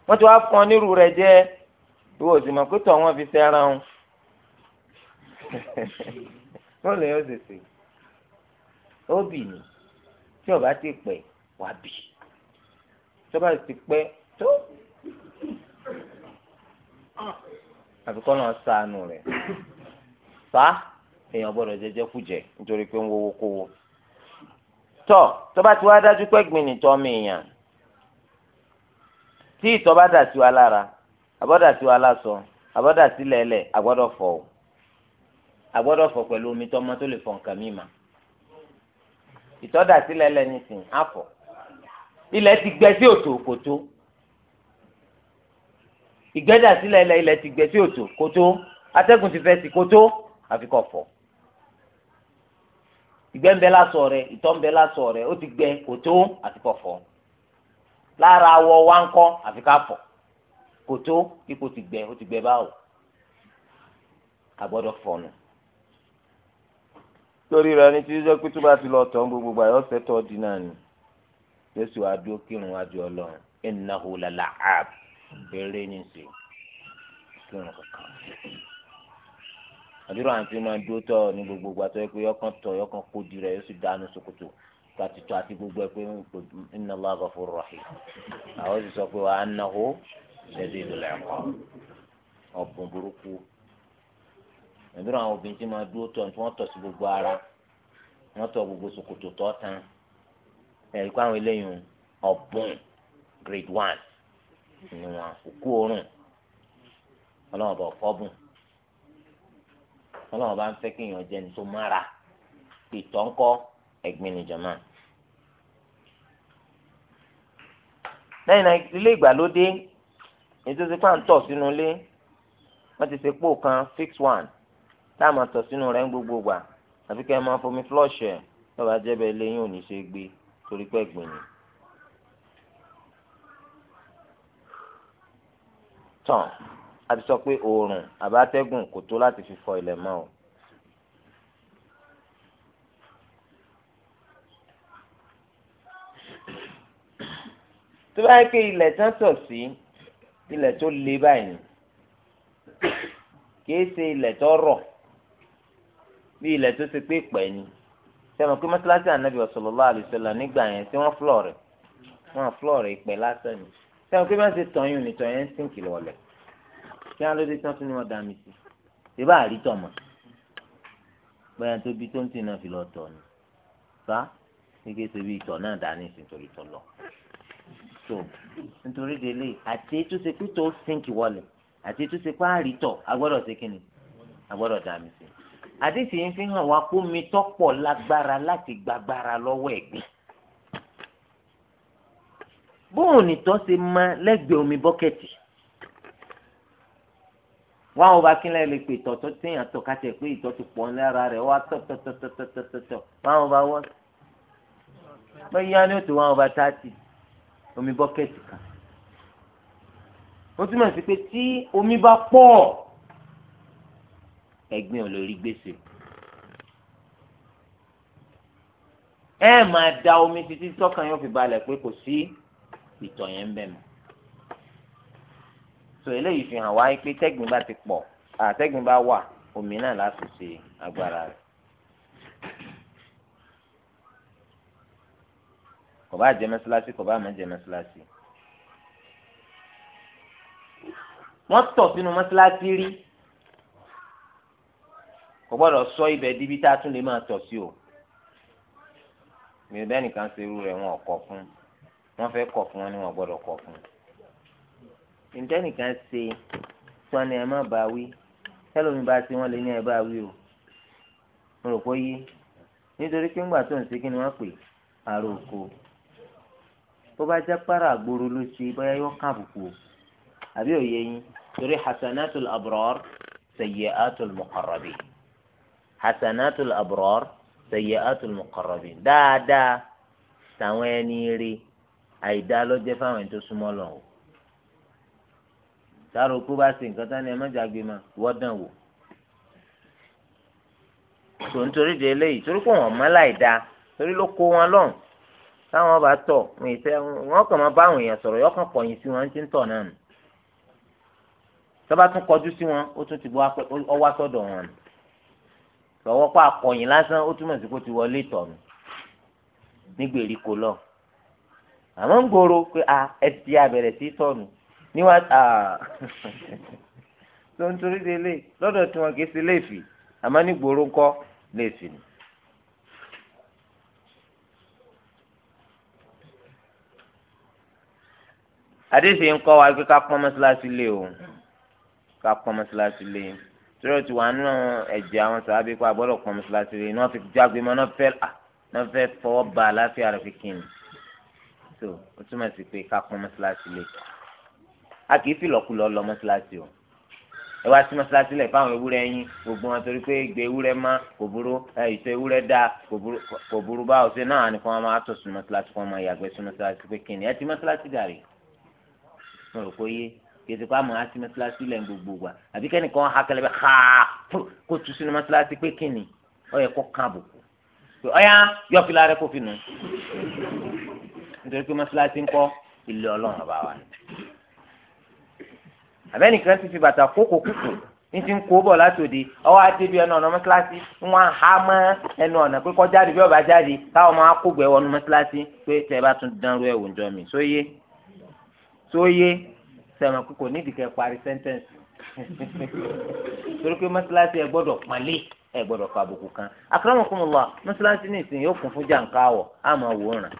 wọ́n ti wá pọn nírú rẹ̀ jẹ́ ìwọ òsì mọ̀ pé tọ̀ wọ́n fi fẹ́ràn o wọ́n lè yọ sèse ó bì ní tí ọba ti pẹ́ wà bì tọ́ba ti pẹ́ tó àfikọ́ náà sànù rẹ̀ fa èèyàn gbọ́dọ̀ jẹjẹ kújẹ nítorí pé ń wowó kówó tọ́ tọ́ba ti wá dájú pé gbìnìtọ́ mi yàn tí ìtọ̀ bá dà sí wa lára àbọ̀dà sí wa lásọ àbọ̀dà sí lẹ́lẹ̀ àgbọ́dọ̀ fọ̀ o àgbọ́dọ̀ fọ̀ pẹ̀lú omi tọ́mọ tó lè fọ̀ nǹkan míì mà ìtọ̀ dà sí lẹ́lẹ̀ nísìnyí àfọ̀ ilẹ̀ ti gbẹ sí òtò kòtó ìgbẹ́dà sí lẹ́lẹ̀ ilẹ̀ ti gbẹ sí òtò kòtó atẹ́gùn ti fẹ́ sí kòtó àfikọ̀ fọ̀ ìgbẹ́ ń bẹ lásọ rẹ ìtọ̀ ń bẹ lásọ rẹ ó ti gbẹ kòtó àfikọ̀ fọ̀ lára awọ wa ń kọ́ àfi ká fọ̀ kò tó kíkó ti gbẹ ó ti gbẹ báwò àgbọ́dọ̀ fọ̀nù. lórí rẹ ní títí pé tó bá ti lọ tọ̀ ń gbogbo àyọ̀ sẹ́tọ̀ dín náà ni yéṣu adúró kírun wájú ọlọ́run innahu lal'ab eré ní sè kírun kankan. àdúrà àti máa dúró tọ̀ ní gbogbo àtọ́ yẹ pé yọkàn tọ̀ yọkàn kó di rẹ̀ yóò sì dánú ṣòkòtò kàtútù àti gbogbo ẹ pé inna Allaha ghafurur rahim àwọn sì sọ pé wa annahu shadidul iqab ọ̀bùn burúkú ìdúrà àwọn obìnrin tí máa dúró tọ̀ tí wọ́n tọ̀ sí gbogbo ara wọ́n tọ̀ gbogbo ṣòkòtò tọ́ tan ẹ̀rí kó àwọn eléyìí ọ̀bùn grade one ni wọn òkú oorun ọlọ́run bọ̀ fọ́bùn ọlọ́run bá ń fẹ́ kéèyàn jẹ́ ní tó mára ìtọ́ńkọ́ ẹ̀gbin ni jọ̀mọ́. lẹ́yìn náà ilé ìgbàlódé ètò ti pa ń tọ̀ sínú ilé wọ́n ti ṣe pò kan fix one táàmù àtọ̀ sínú rẹ̀ ń gbogbo gbà àfi kẹ́ ẹ máa fomi flush ẹ̀ lọ́ba jẹ́bẹ̀ẹ́ lẹ́yìn ò ní ṣe gbé torí pé ẹ̀gbin ni. tán a ti sọ pé oòrùn àbátẹ́gùn kò tó láti fi fọ ilẹ̀ mọ́ o tó bá yẹ pé ilẹ̀ tán tọ̀ sí ilẹ̀ tó le báyìí kìí ṣe ilẹ̀ tó rọ̀ bí ilẹ̀ tó ṣe pé pẹ́ ni sẹ́mi pé mọ́tíláṣí ànábì sallallahu alaihi wasallam nígbà yẹn tí wọ́n fúlọ̀ rẹ̀ wọ́n fúlọ̀ rẹ̀ pẹ́ lásán ni sẹ́mi pé má ṣe tọ̀yún ni tọ̀yún ń sìnkì lọ́lẹ̀ kí wọ́n lóde tán tún ni wọ́n dá mi sí ṣé bá àrí tọ̀ mọ́ bẹ́ẹ̀ tó bí tó ń tì náà fi lọ tọ̀ ni fa ní kí ṣe bí ìtọ̀ náà dání sí torí tọ̀ lọ so nítorí délé àti ètò ṣe pé tó sínkì wọlé àti ètò ṣe pé àrítọ̀ agbọ́dọ̀ ṣe kí ni agbọ́dọ̀ dá mi sí àdéhìí yìí fi hàn wá kó mi tọ́pọ̀ lágbára láti gbàgbára lọ́wọ́ ẹ̀gbìn bóun nìtọ́ ṣe mọ lẹ́gbẹ̀ẹ́ omi bọ́kẹ́tì wọn ò bá kí lẹ́yìn lè pè tọ̀tọ̀ téèyàn tọ̀ kátẹ́ pé ìtọ́ ti pọ̀ lára rẹ̀ wá tọ̀tọ̀tọ̀tọ̀tọ̀tọ̀ wọn ò bá wọ́n bẹ́ẹ̀ yá ni ó tó wọn ò bá tá omi bọ́kẹ́tì kan wọ́n túmọ̀ sí pé tí omi bá pọ̀ ẹ̀gbin ò lè rí gbèsè ẹ máa da omi títí tọ́kàn yóò fi balẹ̀ pé kò sí ìtọ̀ yẹn ń bẹ̀ mọ́ so eléyìí fi hàn wá pé tẹ́gbin bá ti pọ̀ àtẹ́gbin bá wà omi náà láti ṣe agbára rẹ̀. kò bá jẹ mẹsàlásì kò bá má jẹ mẹsàlásì. wọ́n tọ̀ sínú mẹsàlásì rí kò gbọ́dọ̀ sọ ibẹ̀ díbi tá a tún lè máa tọ̀ sí o mìíràn nìkan ṣe irú rẹ̀ wọn ò kọ̀ fún wọn fẹ́ kọ̀ fún wọn ni wọn gbọ́dọ̀ kọ̀ fún. ǹjẹ́ nìkan ṣe sọ́ni ẹ má bá wí tẹ́lómi bá ṣe wọ́n lè ní ẹ bá wí o mo rò pé yí nítorí pé ńgbà tó ń ṣe kí ni wọ́n pè àròkò bó bá jẹ́ pàrọ̀ àgbòrò ló ṣe bóyá yóò kàn àbùkù o àbí òye yín torí hasanatul abrar sayyiatul muqarrabin hasanatul abrar sayyiatul muqarrabin dáadáa tàwọn ẹni rí àìdá lọ́jẹ́ fáwọn ẹni tó súnmọ́ lọ́wọ́ sáré okú bá ṣe nǹkan tán ni ẹ má jágbe ma wọ́n wò tòun torí de eléyìí torí kò wọ́n mọ́ láì dáa torí ló kó wọn lọ́hùn táwọn bá tọ̀ wọn ìfẹ́ wọn kàn máa bá àwọn èèyàn sọ̀rọ̀ yọkàn kọ̀yìn sí wọn ti ń tọ̀ náà nù tọ́ba tún kọjú sí wọn ó tún ti bọ́ ọwá sọ́dọ̀ wọn nù tọwọ́ pa akọ̀yìn lásán ó túmọ̀ sí kó ti wọlé tọ̀nù nígbèríko lọ àmọ́ ń gbòòrò pé a ẹ ti abẹ̀rẹ̀ sí tọ̀nù níwá a tó ń torí de lọ́dọ̀ tí wọn kì í ṣe léèfì àmọ́ ní ńkọ́ léèfì ni. àdéhìí ń kọ́ wa pé ká pọ́n mọ́ṣáláṣí lé o ká pọ́n mọ́ṣáláṣí lé torí o ti wà nínú ẹ̀jẹ̀ àwọn sàábí pa àgbọ̀dọ̀ pọ́n mọ́ṣáláṣí lé ni wọ́n fi jágbe mọ́ náà fẹ́ náà fẹ́ fọwọ́ ba àlàáfíà rẹ̀ kékin so o túmọ̀ sí pé ká pọ́n mọ́ṣáláṣí lé a kì í fi lọ́kùlọ́ lọ mọ́ṣáláṣí o ẹ wá sí mọ́ṣáláṣí lẹ̀ fáwọn ewúrẹ́ yín gbogbo wọn torí pé gbé ewúrẹ́ má kò burú ìṣe ewúrẹ́ dá kò burú báwo ṣe náà ni kò wọ́n máa tọ̀ sí mọ́ṣáláṣí kò wọ́n máa yàgbẹ́ sí mọ́ṣáláṣí pé kíni ẹ ti mọ́ṣáláṣí dàrí mo rò pé yé kìtì pa àmọ́ àti mẹ́tíláṣí lẹ̀ ń gbogbo wa àbí kẹ́nìkan ha kẹlẹ́bẹ̀ xaa kó tu sínú mẹ́tíláṣí pé kíni ọ yẹ kó kàn àbùkù pé ọ̀ya yọ fìlà rẹ kó fi nù nítorí pé mẹ́tíláṣí ń kọ́ ilé ọlọ́run ọba wa àbẹ́nìkan ti fi bàtà kókò kúkò ní ti ń kó bọ̀ láti òde ọwọ́ àtẹ́bí ẹnu ọ̀nà mọ́sálásí wọ́n há mọ́ ẹnu ọ̀nà pé kọjáde bí ọba jáde táwọn máa kó gbẹ wọnú mọ́sálásí pé tẹ bá tún dánrú ẹ̀ wò ń jọ mi sóyè. So tó yé sẹ̀mọ̀ kò nídìí kẹ́ parí sẹ́ńtẹ̀nsì torí pé mọ́sálásí ẹ gbọ́dọ̀ pọ́nlé ẹ gbọ́dọ̀ fa àbùkù kan akramakumullah mọ́sálásí ní ìsìn yóò kún fún jàǹkáwọ̀ àmọ́ wòóràn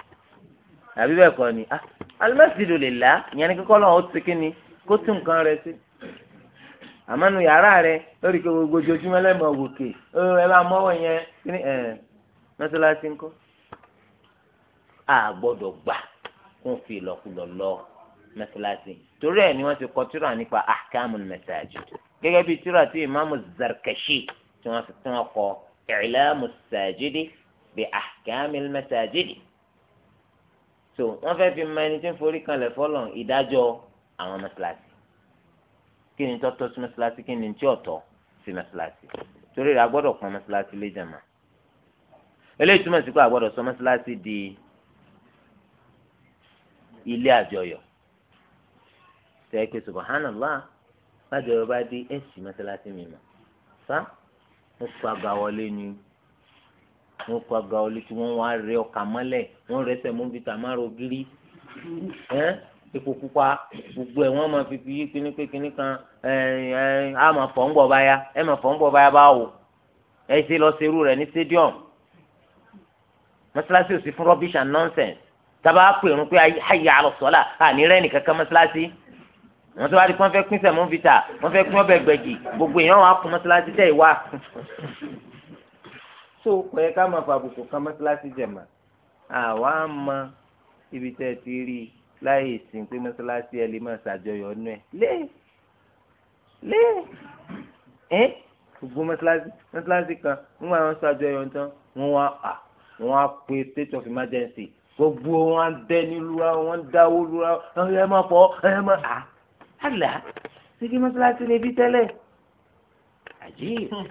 àbí bẹ́ẹ̀ kọ́ ni ah, alimẹ́sìdò lè la ìyẹn ni kíkọ́ lọ́wọ́ ó ti kí ni kó tún nǹkan rẹ sí àmọ́nu yàrá rẹ lórí pé gbogbo ojoojúmọ́ lẹ́mọ̀ wòkè ẹ bá mọ́wọ́ yẹn ni mọ́sálásí ńkọ́ àgbọ́dọ̀ gbà kó fi ìlọ̀kulọ̀ mẹsàlásì torí ẹ ni wọn ti kọ tíra nípa ahkamul masajid gẹ́gẹ́ bíi tíra tí imaamu zarkashi tí wọn ti wọn kọ i'lamus sajidi bi ahkamil masajidi so wọn fẹẹ fi mọ ẹni tí ń forí kanlẹ̀ fọlọ ìdájọ́ àwọn mẹsàlásì kí ni tọ́tọ́ sí mẹsàlásì kí ni tí ọ̀tọ̀ sí mẹsàlásì torí rẹ agbọ́dọ̀ pọn mẹsàlásì lé jàmá eléyìí túmọ̀ sí pé agbọ́dọ̀ sọ mẹsàlásì di ilé àjọyọ̀ tẹ́ ẹ pé subhanallah bájọ yóò bá dé ẹ sì mọ́sálásí mi mọ̀ sá mo kọ àga wọlé ni mo kọ àga wọlé tí wọ́n wá rẹ ọkà mọ́lẹ̀ wọ́n rẹ sẹ̀ mọ́bi tà má ro gírí ẹ́ epo pupa gbogbo ẹ̀ wọ́n máa fi fi yí kíní pé kíní kan ẹ̀ ẹ̀ a máa fọ̀ ń bọ̀ báyà ẹ̀ máa fọ̀ ń bọ̀ báyà báwo ẹ̀ ṣe lọ serú rẹ̀ ní stadium mọ́sálásí ò sí fún rubbish and nonsense tábà pè ń pé hayya ala sọ́là àní rẹ́ nìkan kan mọ́sálásí wọ́n tó wá di kí wọ́n fẹ́ pín sẹ̀mú vita wọ́n fẹ́ pín ọbẹ̀ gbẹ̀gì gbogbo èèyàn wà kún mọ́sálásí tẹ̀ wá. tó pẹ́ ká máa fa àbùkù kan mọ́sálásí jẹ̀ mà àwa mọ ibi tẹ́ ti rí láyé ìsìn pé mọ́sálásí ẹ lè máa ṣàjọyọ̀ nú ẹ̀ lé lé ẹ́ gbogbo mọ́sálásí mọ́sálásí kan ń wá wọn ṣàjọyọ̀ tán wọ́n wá wọ́n á pe state of emergency gbogbo wọn bẹ́ nílùú wọn dáwó lura wọn ẹ máa fọ ẹ máa àlà sí kí mọ́sálásí lè bí tẹ́lẹ̀ àjí hmm.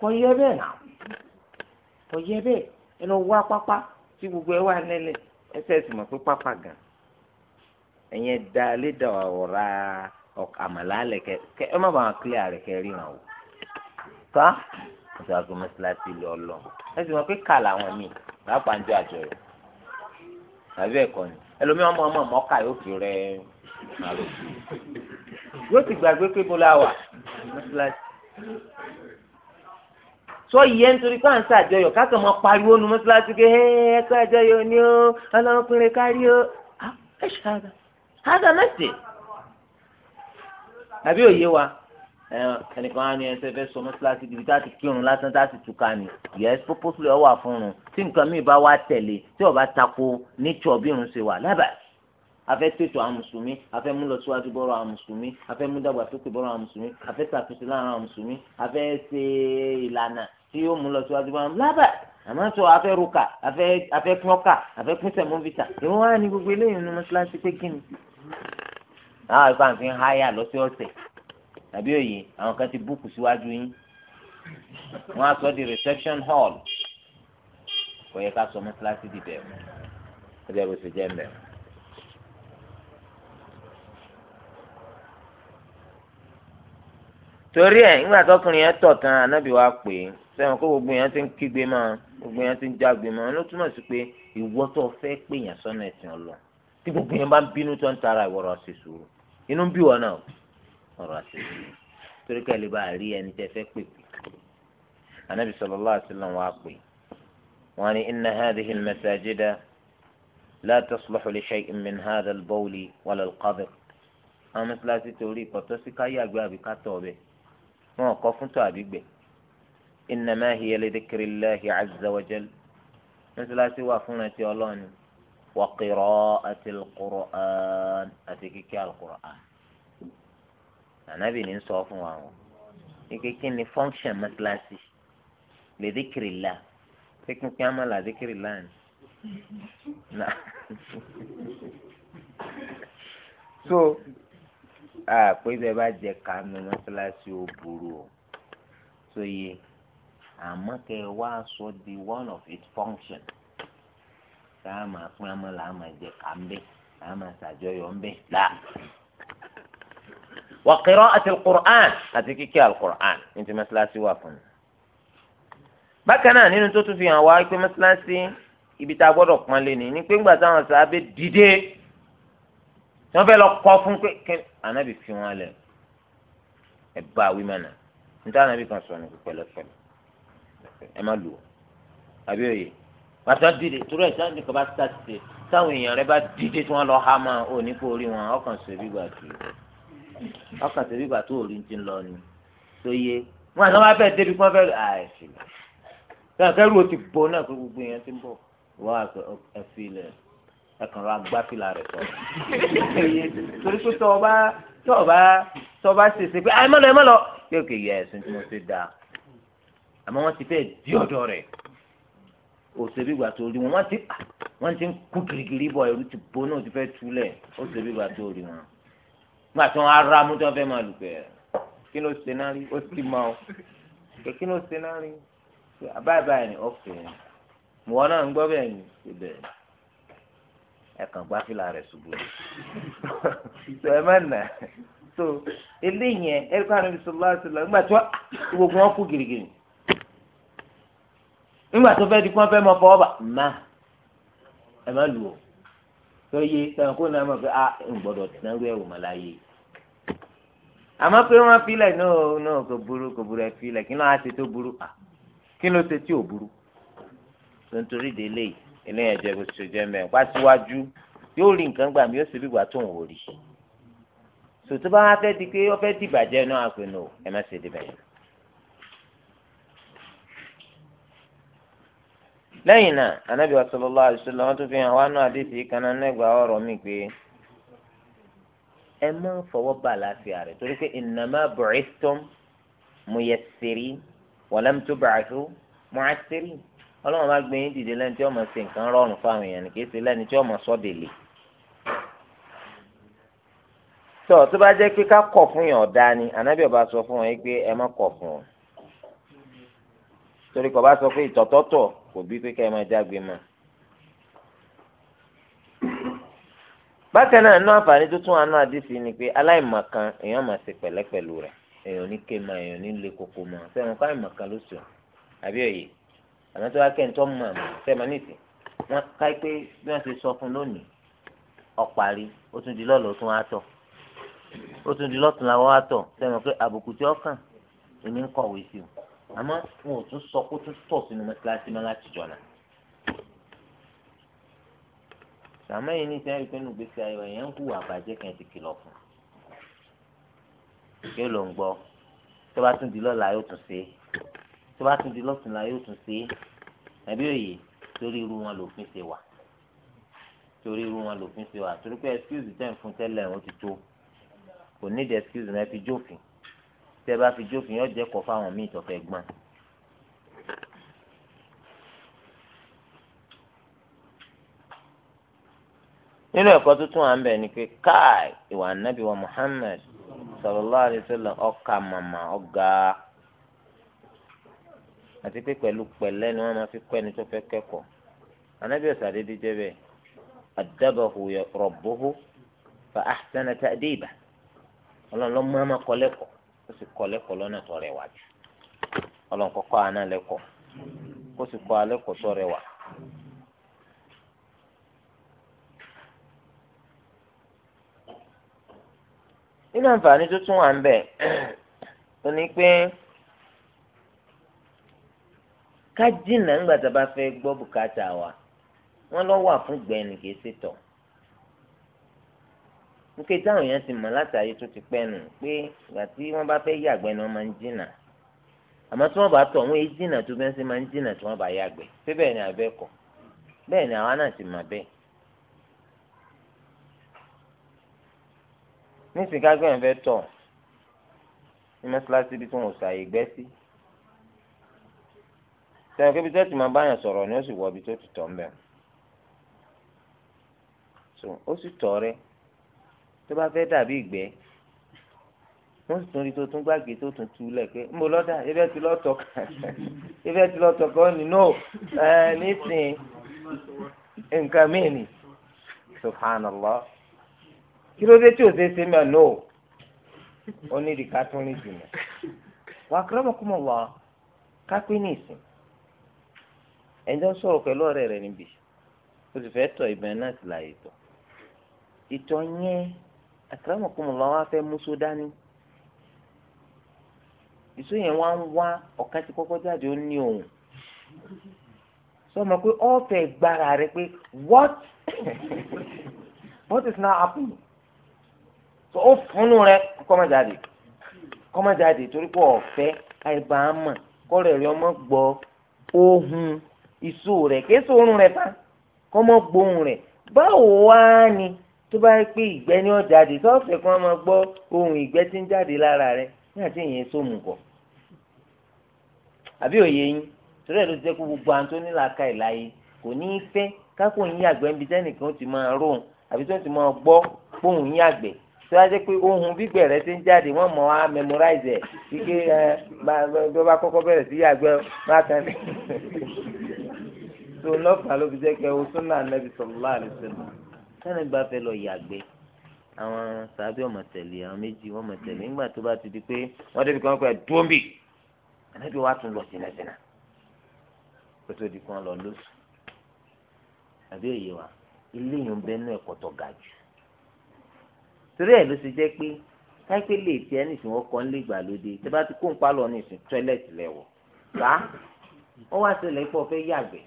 kò yẹ bẹ́ẹ̀ náà kò yẹ bẹ́ẹ̀ ẹ lọ wá pápá tí gbogbo ẹ wà nílẹ̀ ẹsẹ̀ sì mọ̀ pé pápá gan ẹ̀yẹn da lédà ọ̀rá àmàlà alẹ̀ kẹ ẹ má bàa kílẹ̀ rẹ̀ kẹ́ ríran o ká ọ̀sẹ̀ àgọ́ mọ́sálásí lọ lọ ẹ sì mọ̀ pé kà làwọn míì lápá ń jọ àjọyọ̀ tàbí ẹ̀kọ́ ni ẹlòmíràn mọ̀ ọmọ mọ́ká yóò fi rẹ̀ ẹ́ yóò ti gbàgbé pé mo la wà mọ́sálásí sọ yìí ń torí káà ń ṣàjọyọ̀ káàkiri máa pariwo nu mọ́sálásí pé ẹ ká àjọyọ̀ ni ó ọlọ́mọkùnrin kárí ó ah, ẹ ṣáàdà ṣáàdà mẹ́sì àbí òye wa ẹnìkan á ní ẹsẹ fẹ́ sọ mọ́sálásí ibi tá a ti kírun lásán tá a ti túká ni yẹs pópósìlì ọwà fún un tí nǹkan míì bá wá tẹ̀lé tí ó bá tako nítsọ bí irun ṣe wà lábàá afẹ́ tètò àwọn mùsùlùmí afẹ́ mú lọ síwájú bọ́rọ̀ àwọn mùsùlùmí afẹ́ mú dàgbàsókè bọ́rọ̀ àwọn mùsùlùmí afẹ́ ṣàtúnṣe láàrin àwọn mùsùlùmí afẹ́ ṣe ìlànà tí yóò mú lọ síwájú bọ́rọ̀ àwọn lábà àmọ́ sọ afẹ́ ruka afẹ́ kúnọ́kà afẹ́ kúnṣẹ̀ mọ́fìtà ìwọ́n wá ní gbogbo eléyìí nínú mọ́ṣáláṣí pé kí ni. àwọn ìfà ń fi háyà lọ́sọ̀ọ̀sẹ̀ tàbí òye àwọn kan ti búùkù síwájú yín wọ́n á sọ di reception hall kò yẹ ká sọ mọ́ṣáláṣí di bẹ̀rù ó jẹ́ bó ṣe jẹ́ mẹ́rin. torí ẹ̀ ńgbà tọkùnrin yẹn tọ̀ tán anábì wa pè é sẹ́wọ̀n kó gbogbo yẹn ti ń kígbe mọ́ gbogbo yẹn ti ń jágbe mọ́ ló túmọ̀ sí pé ìwọ tó fẹ́ pè yẹn sọ́nà ẹ̀sìn ọlọ tí gbogbo yẹn bá ń bínú tó ń tara ìwọ̀rọ̀ àṣẹ sùúrù inú ń bí wọn náà ọ̀rọ̀ àṣẹ sùúrù torí ká lè a inna masajida wọn kọ fún tó àbígbẹ innama hiya li dhikrillahi lẹhi wa jal mọ́sálásí wà fún ẹtì ọlọ́ọ̀ni wa qira'atil an àti kíkẹ́ al-Qur'an ànábì ní sọ fún wa o kíkẹ́ ni function mọ́sálásí li dhikrillah pínpín pín àmọ́ la dhikrillah ni so àpéjọ bá jẹ kánú mọ́ṣáláṣí ó burú o tó yẹ àmọ́ kẹ́ ẹ wá sọ di one of its function tá a máa pín àmọ́ là á máa jẹ ká ń bẹ̀ là á máa ṣàjọyọ̀ ń bẹ̀ là. wa qira'ati al-Qur'an àti kíkẹ́ al-Qur'an ní wà fún un. bákan náà nínú tó tún fi hàn wá pé mọ́ṣáláṣí ibi tá a gbọ́dọ̀ pọ́n lé ni ni pé ńgbà táwọn sábẹ́ dìde tí wọ́n fẹ́ lọ kọ́ fún pé kí ànábì fi wọn lẹ̀ ẹ bá wí mọ̀nà níta ànábì kan sọ̀rọ̀ nípa pẹ̀lẹ́pẹ̀lẹ́ ẹ má lù ọ́ àbí òye pàṣẹ dìde torí ẹ̀ sáà nìkan bá sá ti ṣe táwọn èèyàn rẹ bá dìde tí wọ́n lọ há máa ò ní kó rí wọn ọkàn ṣèbí gbà tó ọkàn ṣèbí gbà tó òrí ti ń lọ ni tó yé wọn àti wọn bá fẹ́ débi kí wọ́n fẹ́ àìsí lọ kẹrù ó ti bọ náà pé gbogbo èèyàn ti ń bọ̀ wọ́n á ẹ fi lẹ̀ ẹkàn ra gbáfìlà rẹ sọ torí pé tọba tọba tọba ṣèṣe pé ẹ mọlọ ẹ mọlọ pé òkè yẹ ẹsùn tí mo ṣe da àmọ́ wọn ti fẹ́ di ọ̀dọ̀ rẹ òṣèlú ìgbà tó rí wọn wọn ti wọn ti ń kú kirikiri bọ ẹrú ti bọ náà ti fẹ́ túlẹ̀ òṣèlú ìgbà tó rí wọn gbà tí wọn ara mú tí wọn fẹ́ máa lù pẹ kí ló ṣe náà rí ó sì máa kẹ kí ló ṣe náà rí báyìí ah, báyìí ni ọkùnrin wọn náà ń gbọ́ bẹ́ẹ̀ ni ìbẹ̀rẹ̀ ẹ̀kàn gbáfìlà rẹ̀ ṣubú ni so ẹ má nà so eléyìí yẹn ẹ̀rí kan níbi sọlá ṣọlá nígbà tí gbogbo wọn kú gìrìgìrì nígbà tó fẹ́ di kí wọ́n fẹ́ mọ fọwọ́ bá má ẹ má lù ó tó yé sẹ́wọ̀n kó náà mọ̀ pé ah ń gbọ́dọ̀ tẹ̀ náà rú ẹ̀wò mọ́ láyé àmọ́ pé wọ́n filẹ̀ náà náà kò burú kò burú ẹ̀ filẹ̀ kí ló á ṣe tó burú ah, kí ló ṣe tí ò burú tó ń torí délé yìí eléyàn jẹ bó ṣe jẹ mẹ́rin wá síwájú yóò rí nǹkan gbà mí yóò sì bìgbà tó ń wò rí sòtú bá wá fẹ́ di pé ó fẹ́ dìbàjẹ́ náà àpinnu ẹ má ṣe dìbẹ̀ yẹn. lẹ́yìn náà anabi sallallahu alaihi wasallam wọn tún fi hàn wá nù àdéhìí kan ọ̀rọ̀ mi pé ẹ má fọwọ́ bá àlàáfíà rẹ̀ torí pé innama bu'ithtum muyassirin wa lam tub'athu mu'assirin ọlọ́run bá gbé yín dìde lẹ́ni tí ọmọ ṣe nǹkan rọrùn fáwọn èèyàn kì í ṣe lẹ́ni tí ọmọ sọ́dẹ̀lẹ̀. tọ́ tó bá jẹ́ pé ká kọ̀ fún yàn ọ̀dá ni ànábì ọba sọ fún wọn pé ẹ má kọ̀ fún wọn. torí kò bá sọ pé ìtọ̀tọ̀tọ̀ kò bí pé ká ẹ má jágbe mọ́. bákan náà inú àǹfààní tó tún àánú àdìsí ni pé aláìmọ̀kan èèyàn máa ṣe pẹ̀lẹ́ pẹ̀lú rẹ̀ èèyàn ní kéema èèyàn ní lè koko mọ́ sẹ́wọ̀n àmọ́ tó bá kẹ́ ń tọ́ mọ̀ àmọ́ sẹ́mi nìsín wọ́n ká pé bí wọ́n ṣe sọ fún lónìí ọ̀parí ó tún di lọ́ọ̀lọ́ tún wá tọ̀ ó tún di lọ́ọ̀tún làwọn wá tọ̀ sẹ́mi pé àbùkù tí ọkàn èmi ń kọ̀wé sí o àmọ́ wọn ò tún sọ kó tún tọ̀ sínú mẹ́tíláṣí mọ́ láti jọ náà. sàmẹ́yìn ní sẹ́yìn pé nùgbésí ayé wa yẹn ń hùwà bàjẹ́ kan ti kìlọ̀ fún un. kí ló ń gbọ́ tó bá tún di lọ́la tó bá tún di lọ́sùn la yóò tún ṣe é tàbí òye torí irú wọn lòfin ṣe wà torí irú wọn lòfin ṣe wà torí pé excuse tẹ̀ ń fún tẹ́lẹ̀ wọn ti tó kò ní ìdí excuse náà fi jófin tẹ́ bá fi jófin yóò jẹ́ kọ́ fáwọn míì tó fẹ́ gbọ́n. nínú ẹ̀kọ́ tuntun à ń bẹ̀ ni pé káì ìwà ànábì wa Muhammad sallallahu alaihi wasallam ọkà màmá ọ̀gá. àti pé pẹ̀lú pẹ̀lẹ́ ni wọ́n máa fi kọ́ ẹni tó fẹ́ kẹ́kọ̀ọ́ anabi ọ̀sàdédé adabahu fa ahsana ta'diba ọlọ́run ló mú kọ́ lẹ́kọ̀ọ́ ó sì kọ́ lẹ́kọ̀ọ́ lọ́nà tó rẹwà jù ọlọ́run kọ́ kọ́ àná lẹ́kọ̀ọ́ ó sì kọ́ alẹ́kọ̀ọ́ tó àǹfààní ká jìnnà ńgbà tá a bá fẹ́ gbọ́ bùkátà wa wọ́n lọ wà fún gbẹ̀yìn kì í ṣe tọ̀ nítorí táwọn èèyàn ti mọ̀ látàrí tó ti pẹ́ nù pé ìgbà tí wọ́n bá fẹ́ yàgbẹ́ ni wọ́n máa ń jìnnà àmọ́ tí wọ́n bá tọ̀ wọ́n èyí jìnnà tó bẹ́ẹ̀ ṣe máa ń jìnnà tí wọ́n bá yàgbẹ́ pé bẹ́ẹ̀ ni àbẹ́ kọ̀ bẹ́ẹ̀ ni àwa náà ti mọ̀ bẹ́ẹ̀. nísìnyí ká gbẹ̀yìn fẹ́ tọ̀ ní mọ́ṣáláṣí bí tí wọ́n ò ṣàyè gbẹ́ sí. sẹ́yìn kébi tẹ́tì máa báyàn sọ̀rọ̀ ni ó sì wọ ibi tó ti tọ̀ ń bẹ̀. ó sì tọ̀ rẹ tó bá fẹ́ dàbí ìgbẹ́ wọ́n sì tún rí tó tún gbàgbé tó tún tu lẹ̀ pé ń bo lọ́dà ibẹ̀ ti lọ́tọ̀ kan ibẹ̀ ti lọ́tọ̀ kan ní no nísìn nǹkan míì ni subhanallah kí ló dé tí o ṣe ṣe mẹ́ no ó ní ìdíkà tún ní jùlọ wà á kápẹ́ ní ìsìn. ẹnjọ sọ̀rọ̀ pẹ̀lú ọ̀rẹ́ rẹ níbi o sì fẹ́ tọ̀ ìbẹ̀rẹ̀ náà sì láàyè tọ̀ ìtọ̀ yẹn wa fẹ́ mú sódà ní ìṣó yẹn wá ń wá ọ̀kan ti kọ́kọ́ jáde ó ní òun sọmọ pé ọ̀fẹ́ gbára rẹ pé what what is now happening so ó rẹ kọ́mọ jáde kọ́mọ jáde torí pé ọ̀fẹ́ àìbá mọ̀ rẹ ohun. ìṣó rẹ̀ kéésù oorun rẹ̀ tán kó mọ́ gbóhùn rẹ̀ báwo wá ni tó bá rí pé ìgbẹ́ ni ó jáde sọ́ọ̀fẹ̀ kan máa gbọ́ ohun ìgbẹ́ tí ń jáde lára rẹ̀ ní àti ìyẹn sóòmù kọ̀ àbí òye yín torí ẹ̀ ló ti jẹ́ kó gbogbo àwọn tó ní làákà ìláyé kò ní í fẹ́ kákò ń yàgbẹ́ níbi tẹ́nìkan ti máa róhùn àbí tó ti máa gbọ́ póhùn yàgbẹ́ tó wá jẹ́ pé ohun gbígbẹ̀ rẹ ti ń jáde wọ́n mọ̀ á memorize ẹ̀ kíkẹ́ ẹ eh, bá kọ́kọ́ bẹ̀rẹ̀ sí yàgbẹ́ bákan so lọ́pàá ló fi jẹ́ kẹ́ o sunna anabi sallallahu alaihi wasallam sani gba fẹ́ lọ yàgbẹ́ àwọn sàbí ọmọ tẹ̀lé àwọn méjì wọ́n mọ̀ tẹ̀lé nígbà tó bá ti di pé wọ́n débi kan pẹ́ dúnbì anabi wa tún lọ jìnnàjìnnà kó tó di kan lọ lóṣù àbí òye wa ilé yìí ń bẹ nínú ẹ̀kọ́ tó ga jù torí ẹ̀ ló ṣe jẹ́ pé káyipé lè tiẹ̀ nìsín wọ́n kọ́ nílé ìgbàlódé tẹ́ bá ti kó ń palọ̀ nìsín tọ́ẹ̀lẹ̀tì lẹ́wọ̀ gbá wọ́n wá ṣẹlẹ̀ pọ̀ fẹ́ yàgbẹ́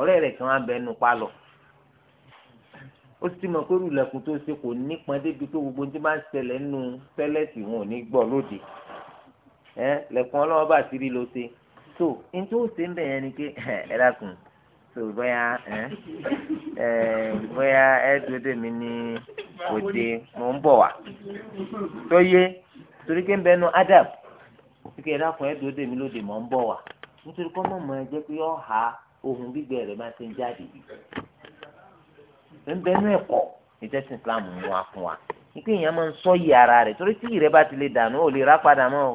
ọ̀rẹ́ rẹ̀ kan á bẹnu palọ̀ ó sì mọ̀ pé rúlẹ̀kùn tó ṣe kò nípọn débi tó gbogbo tí máa ń ṣẹlẹ̀ nínú tẹ́lẹ̀tì wọn ò ní gbọ́ lóde ẹ lẹ̀kùn ọlọ́wọ́ bá ti rí lo ṣe so n tó ṣe ń bẹ̀ yẹn ni pé ẹ dákun so bóyá ẹ ẹ bóyá ẹ dúró dè mí ní òde mò ń bọ̀ wá tó yé torí pé ń bẹ nu adab kí ẹ dákun ẹ dúró dè mí lóde mò ń bọ̀ wá nítorí kọ́ mọ̀ mọ́ ẹ jẹ́ pé ọ̀ ha. ohun gbígbẹ rẹ̀ bá ti ń jáde bẹ́ẹ̀ni ẹ̀kọ́ ìjẹ́sí islam mú wa fún wa èèyàn ara rẹ torí tí bá ti lè dànù ò lè rà padà mọ́ o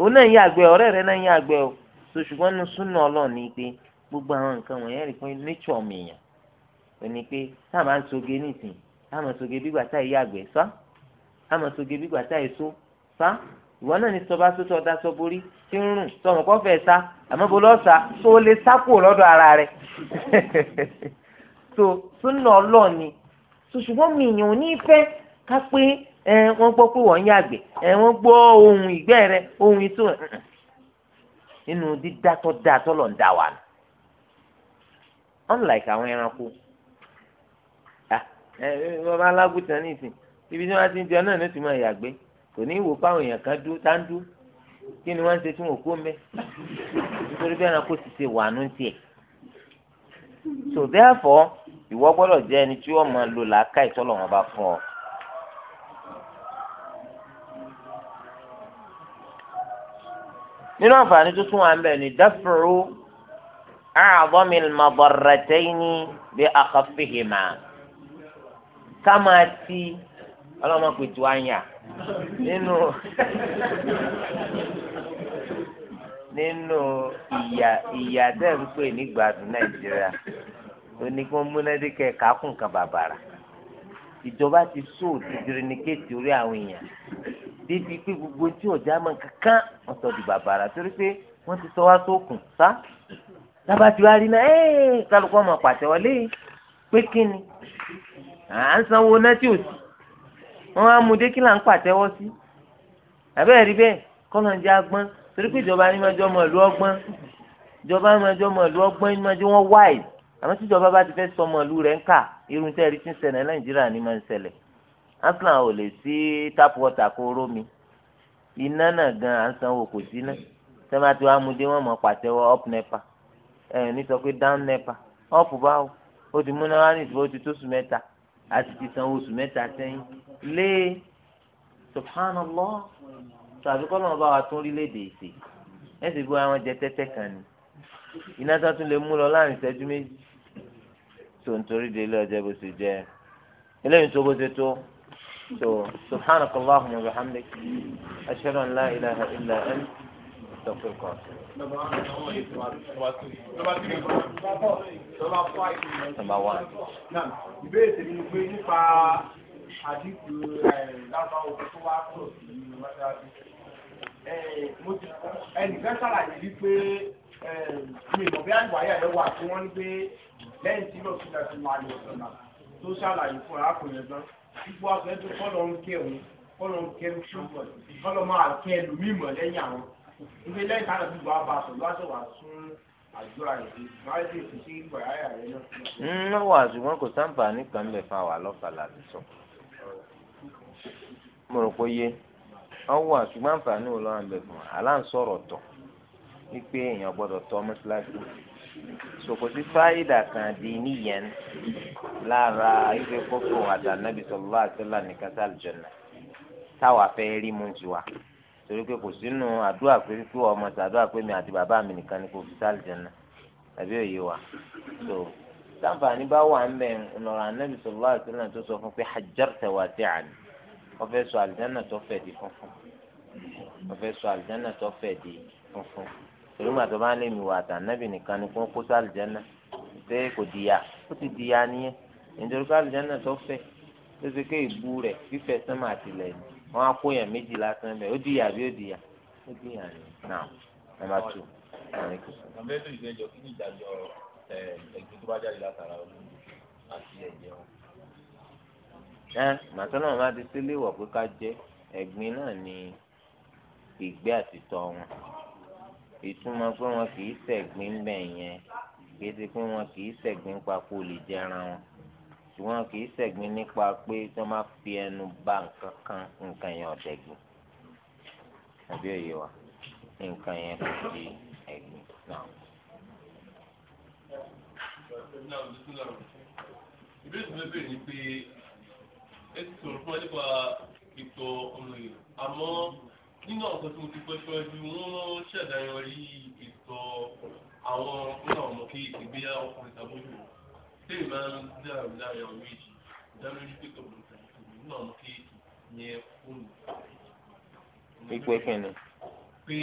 òun náà ń yàgbẹ́ ọ̀rẹ́ rẹ̀ náà ń yàgbẹ́ o so ṣùgbọ́n ní súnà ni pé gbogbo àwọn nǹkan rí pé nature pé a máa ń soge máa soge bí gbàtà yìí sá ìwọ náà ní sọba tó sọdá sọ borí tí ń rùn sọmọ kọ fẹ sá àmọ́ bó lọ sá tó lè sá kúrò lọ́dọ̀ ara rẹ̀ so súnà ọlọ́ọ̀ni so ṣùgbọ́n mi ìyàn ò ní fẹ́ ká pé ẹ wọ́n gbọ́ pé wọ́n ń yàgbẹ́ ẹ wọ́n gbọ́ ohun ìgbẹ́ rẹ ohun ìtò nínú dídá tó dá tọ́lọ̀ ń dá wa nù unlike àwọn ẹranko ah, ẹ ẹ bàbá alágùtàn nìsín ibi tí wọ́n ti ń jẹun náà ló ti máa yàgbẹ́ kò ní wò fáwọn èèyàn kan dú tá ń dú kí ni wọ́n ń ṣe tí wọ́n kó mẹ́ nítorí bí ẹranko sì ṣe wà nù tiẹ̀ so therefore ìwọ gbọ́dọ̀ jẹ́ ẹni tí wọ́n máa lo làákà ìtọ́lọ̀ wọn bá fún ọ. nínú àǹfààní tó tún ń bẹ̀ ni dáfúrú àádọ́mi mọ̀bọ̀rẹ̀tẹ́yìn bí akọ́fìhìmá ká máa ti ọlọ́mọ pè tu àyà nínú nínú ìyà ìyà dẹ́ ń pè ní gbádùn nàìjíríà oníkan múnádìkẹ́ kákùn kan bàbàrà ìjọba ti sóò ti dirinikéètì orí àwọn èèyàn débi pé gbogbo tí ọjà máa kankan wọn sọ di bàbàrà torí pé wọn ti sọ wá sókun sá lábàtí wàá rí náà ẹ kálukú ọmọ pàtẹ́wọlé pé kíni à ń sanwó náà tí ò sí wọn á mú dé kí là ń pàtẹ́wọ́ sí àbẹ́ẹ̀ rí bẹ́ẹ̀ kọ́nà jẹ́ agbọ́n torí pé ìjọba ni máa jọ ọmọ ìlú ọgbọ́n ìjọba ni máa jọ ọmọ ìlú ọgbọ́n ni máa jẹ́ wọ́n wáì àmọ́ tí ìjọba bá ti fẹ́ sọ ọmọ ìlú rẹ̀ ń kà irun tẹ́ ẹ̀rí tí ń ṣẹlẹ̀ nàìjíríà ni máa ń ṣẹlẹ̀ aslan ò lè sí tap water kó rómi iná náà gan à ń sanwó kò sí iná sẹ́mi àti wàá mú dé wọ́n mọ̀ pàtẹ́wọ́ up nepa ẹ̀ ní sọ pé down nepa up báwo ó ti múná wá ní ìsìnkú ó ti tó sùn mẹ́ta a sì ti san oṣù mẹ́ta sẹ́yìn lé subhanallah tàbí kọ́ lọ́nà bá wa tún orílẹ̀-èdè ìsè ẹ̀ sì bí wọn jẹ tẹ́tẹ́ kan ni iná tó tún lè mú lọ láàrin ìṣẹ́jú méjì tó ń torí délé ọjọ́ bó ṣe jẹ́ eléyìí tó bó ṣe tó tó subhanakallahumma wa bihamdik ashhadu an la Dr. Kọ́sì. Nọ́mbà one. Ìbéèrè tèmi ni pé nípa àdínkù lábáwò tó wá kúrò sí mọ́ṣáláṣí. Ẹnìkan ṣàlàyé wípé mi ìmọ̀ bí àgbáyà rẹ̀ wà tí wọ́n ń gbé lẹ́yìn tí lọ́sùn náà ti máa lọ sọ̀nà tó ṣàlàyé fún arákùnrin gan. Ipò àgbẹ̀ tó kọ́ lọ ń kẹ́ òun kọ́ lọ ń kẹ́ lóṣù kọ́ lọ máa kẹ́ lómìmọ̀ lẹ́yìn àwọn ibi lẹ́yìn tí a lọ fi bọ̀ abà sọ̀rọ̀ wá sọ̀rọ̀ fún àdúrà yìí máa ṣe ètò sí ìgbà ayà rẹ náà. ń wà ṣùgbọ́n kò sáǹfà nípa ńbẹ̀ fa wà lọ́fà láti sọ. mo rò pé yé ọwọ́ àṣùgbọ́n àǹfààní wo lọ́wọ́ àǹbẹ̀ fún aláǹsọ̀rọ̀ tọ̀ wípé èèyàn gbọ́dọ̀ tọ́ mọ́ṣáláṣí sòkòtí fáyidà kan di níyẹn lára ife kókó àtànábì sallallahu alaihi wasallam nìkan sálìjọ́nà táwa fẹ́ rí mú tiwa torí pé kò sínú àdúrà pé kí wọ́n mọ̀ sàdúrà pé mi àti bàbá mi nìkan ni kò fi sálì jẹ́nà tàbí òye wa so sáǹfààní bá wà ń bẹ̀ ńlọrọ̀ anábì sallallahu alaihi wasallam tó sọ fún pé hajjarta wasi'an wọ́n fẹ́ sọ àlìjánà tó fẹ̀ di funfun wọ́n fẹ́ sọ àlìjánà tó fẹ̀ di funfun torí màtó bá lè mi wà àtànábì nìkan ni kò kó sálìjánà pé kò dìyà ó ti dìyà nìyẹn nítorí pé àlìjánà tó fẹ̀ tó ṣe pé ìbú rẹ̀ fífẹ́ sánmà àtìlẹ́yìn wọn á kó yàn méjì lásán bẹ́ẹ̀ ó e bí ó dìyà ó dìyà ni náà nàmbà tù. nàmbà ètò ìgbẹ́jọ kí ni ìdájọ́ ẹ̀gbin tó bá jáde látara àti ẹ̀jẹ̀ wọn. ẹ màtọ́ náà wọ̀ pé jẹ́ náà ni ìgbẹ́ àtìtọ́ wọn ìtumọ̀ pé wọn kì í bẹ́ẹ̀ yẹn kì papò lè ara wọn. ṣùgbọ́n kì í ṣẹ̀gbin nípa pé tí wọ́n máa fi ẹnu ba nǹkan kan nǹkan yẹn ọ̀dẹ̀gbin àbí òye wa nǹkan yẹn kò di ẹ̀gbin náà. ìbéèrè tí mo bèèrè ni pé ẹ ti sọ̀rọ̀ fún wa nípa ìtọ̀ ọmọ èèyàn àmọ́ nínú àwọn tó ti pẹ́ síwájú wọ́n ṣẹ̀dáyọ̀ rí ìtọ̀ àwọn ọmọ kéèké bí ọkùnrin tàbí obìnrin ṣé o dàrú láàrin àwọn méjì dáná ní pípẹ́ òun tàbí nínú àwọn kéèkì ní fóònù. pípẹ́ kìnnì. pé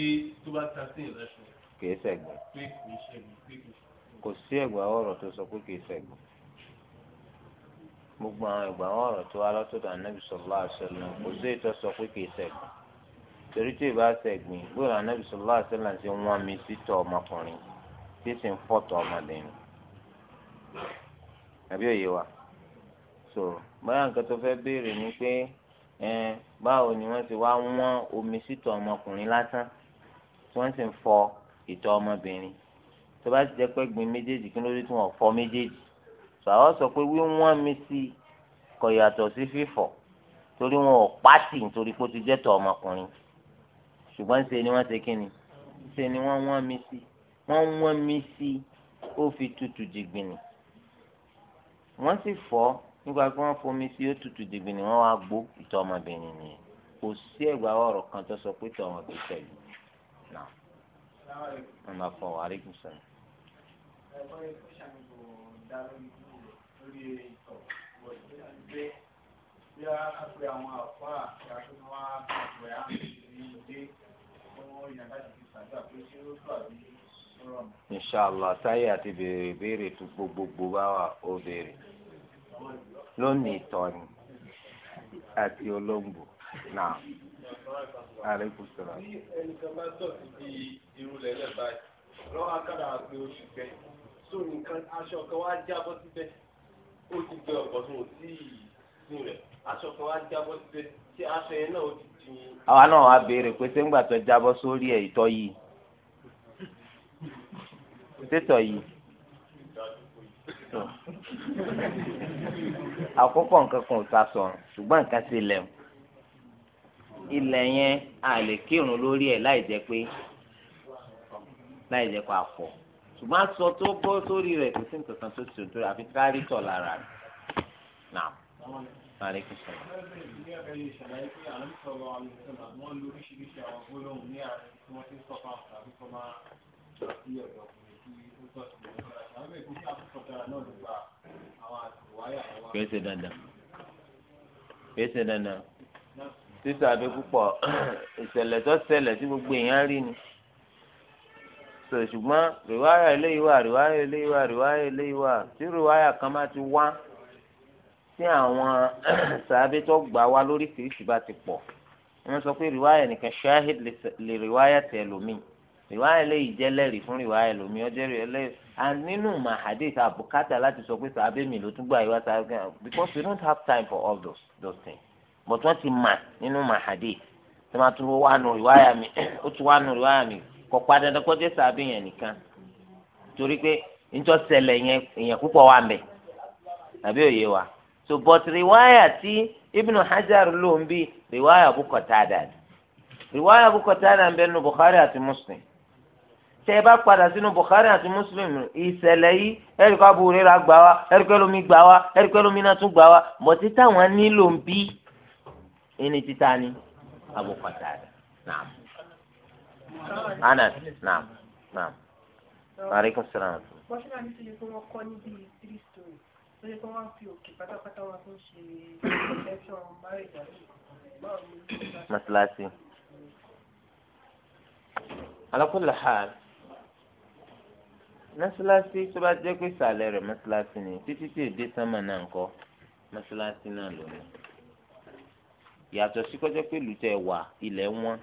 tó bá ta sí ìrẹsùn. kì í ṣẹ̀gbọ́n. pé kì í ṣẹ̀gbọ́n pé kì í ṣẹ̀gbọ́n. kò sí ẹ̀gbọ́n ọ̀rọ̀ tó sọ pé kì í ṣẹ̀gbọ́n gbogbo àwọn ìgbà wọn ọ̀rọ̀ tó wá lọ́sọ̀dọ̀ ànábì sọ̀lá àṣẹlẹ̀ kò sí ètò sọ pé kì í ṣẹ̀gbìn torí tí ìbá ṣẹ̀gbìn gbọ́dọ̀ ànábì sọ̀lá àṣẹlẹ̀ ṣe wọ́n mi sítọ̀ ọmọkùnrin tí sì ń fọ̀tọ̀ ọmọdéyìn àbí òye wa so báyà nǹkan tó fẹ́ béèrè ni pé báwo ni wọ́n ti wá wọ́n omi sítọ̀ ọmọkùnrin lásán tí wọ́n sì ń fọ ìtọ̀ ọmọbìnrin tó bá ti jẹ́ pé gbin méjèèjì kí ló dé tí wọ́n fọ méjèèjì so àwọn sọ pé wíwọ́n mi sí kò yàtọ̀ sí fífọ̀ torí wọn ò pàtì nítorí pé ó ti jẹ́ tọ̀ ọmọkùnrin ṣùgbọ́n ṣe ni wọ́n ṣe kí ni ṣe ni wọ́n wọ́n mi sí wọ́n wọ́n mi sí ó fi tutù jìgbìnì wọ́n sì fọ́ nígbà tí wọ́n fomi sí òtútù dìgbì ni wọ́n wá gbó ìtọ̀ ọmọbìnrin nìyẹn kò sí ẹ̀gbà ọ̀rọ̀ kan tó sọ pé ìtọ̀ ọmọbìnrin tẹ̀lé náà wọ́n máa fọ wàhálà ìkùn sẹ́yìn. Thank you. inshallah táyé àti béèrè béèrè tó gbogbogbò bá wà ó béèrè lónìí tọ́ni àti olóńgbò náà àlékún sọ̀rọ̀. bí bá bí irú báyìí lọ́wọ́ àgbẹ̀ oṣù bẹ́ẹ̀ aṣọ kan wá ti ọ̀pọ̀ tó ti rẹ̀ aṣọ kan wá jábọ́ síbẹ̀ tí aṣọ yẹn náà ó ti di. àwa náà wá béèrè pé ṣé ń gbà tó jábọ́ sórí ẹ̀ ìtọ́ sétọ̀ yìí àkọ́kọ́ nǹkan kan ò ta sọ̀rọ̀ ṣùgbọ́n nǹkan ti lẹ̀ o ilẹ̀ yẹn a lè kírun lórí ẹ̀ láì jẹ́ pé láì jẹ́ pé a pọ̀ ṣùgbọ́n aṣọ tó bọ́ sórí rẹ̀ kò sí nǹkan kan tó ti òtó àfi kárí tọ̀ lára rẹ̀ Thank you kèése dandan kèése dandan sísá bí púpọ̀ ìṣẹ̀lẹ̀ tó ṣẹlẹ̀ tí gbogbo èèyàn rí ni sọ ṣùgbọ́n rìwáyà eléyìí wà rìwáyà eléyìí wà rìwáyà eléyìí wà tí rìwáyà kan bá ti wá tí àwọn sàábé tó gbà wá lóríṣiríṣi bá ti pọ̀ wọ́n sọ pé rìwáyà nìkan ṣáhìd lè rìwáyà tẹ̀ lómìn riwaya eléyìí jẹ́ lẹ́rìí fún riwaya ẹlòmíì ọjọ́ ẹlẹ́yìí and nínú mahadith abukata láti sọ pé sàbẹ̀ mi ló tún gbà ìwà sàbẹ̀ because we don't have time for all those those things but wọ́n ti ma nínú mahadith tí wọ́n tún wà nù riwaya mi ó tún wà nù riwaya mi kò pa dandan kó jẹ́ sàbẹ̀ yẹn nìkan torí pé njọ́ ṣẹlẹ̀ yẹn èèyàn púpọ̀ wà mẹ́ tàbí òye wa so but riwaya tí ibnu hajar ló ń bí riwaya abukatada riwaya abukatada ń bẹ nínú bukhari àti muslim. tẹ́ ẹ bá padà sínú Bukhari àti Muslim ìṣẹ̀lẹ̀ yìí ẹ̀rí kó Abu Hurairah gbà wá ẹ̀rí kó lómi gbà wá ẹ̀rí kó lómi náà tún gbà wá mọ̀ títà wọn nílò ń bí ẹni títà ni Abu Qatada naam Anas naam naam maaleykum salaam. bọ́sùlá mi ti lè fún wọn kọ́ níbi three story tó lè fún fi òkè pátápátá wọn fún ṣe election marriage àti báwo ni. masalasi. ala mọ́ṣáláṣí tó bá jẹ́ pé sàlẹ̀ rẹ̀ mọ́ṣáláṣí ni títí tí èdè sánmà náà ń kọ́ mọ́ṣáláṣí náà lónìí. yàtọ̀ sí kọjá pé lùtẹ̀ wà ilẹ̀ wọn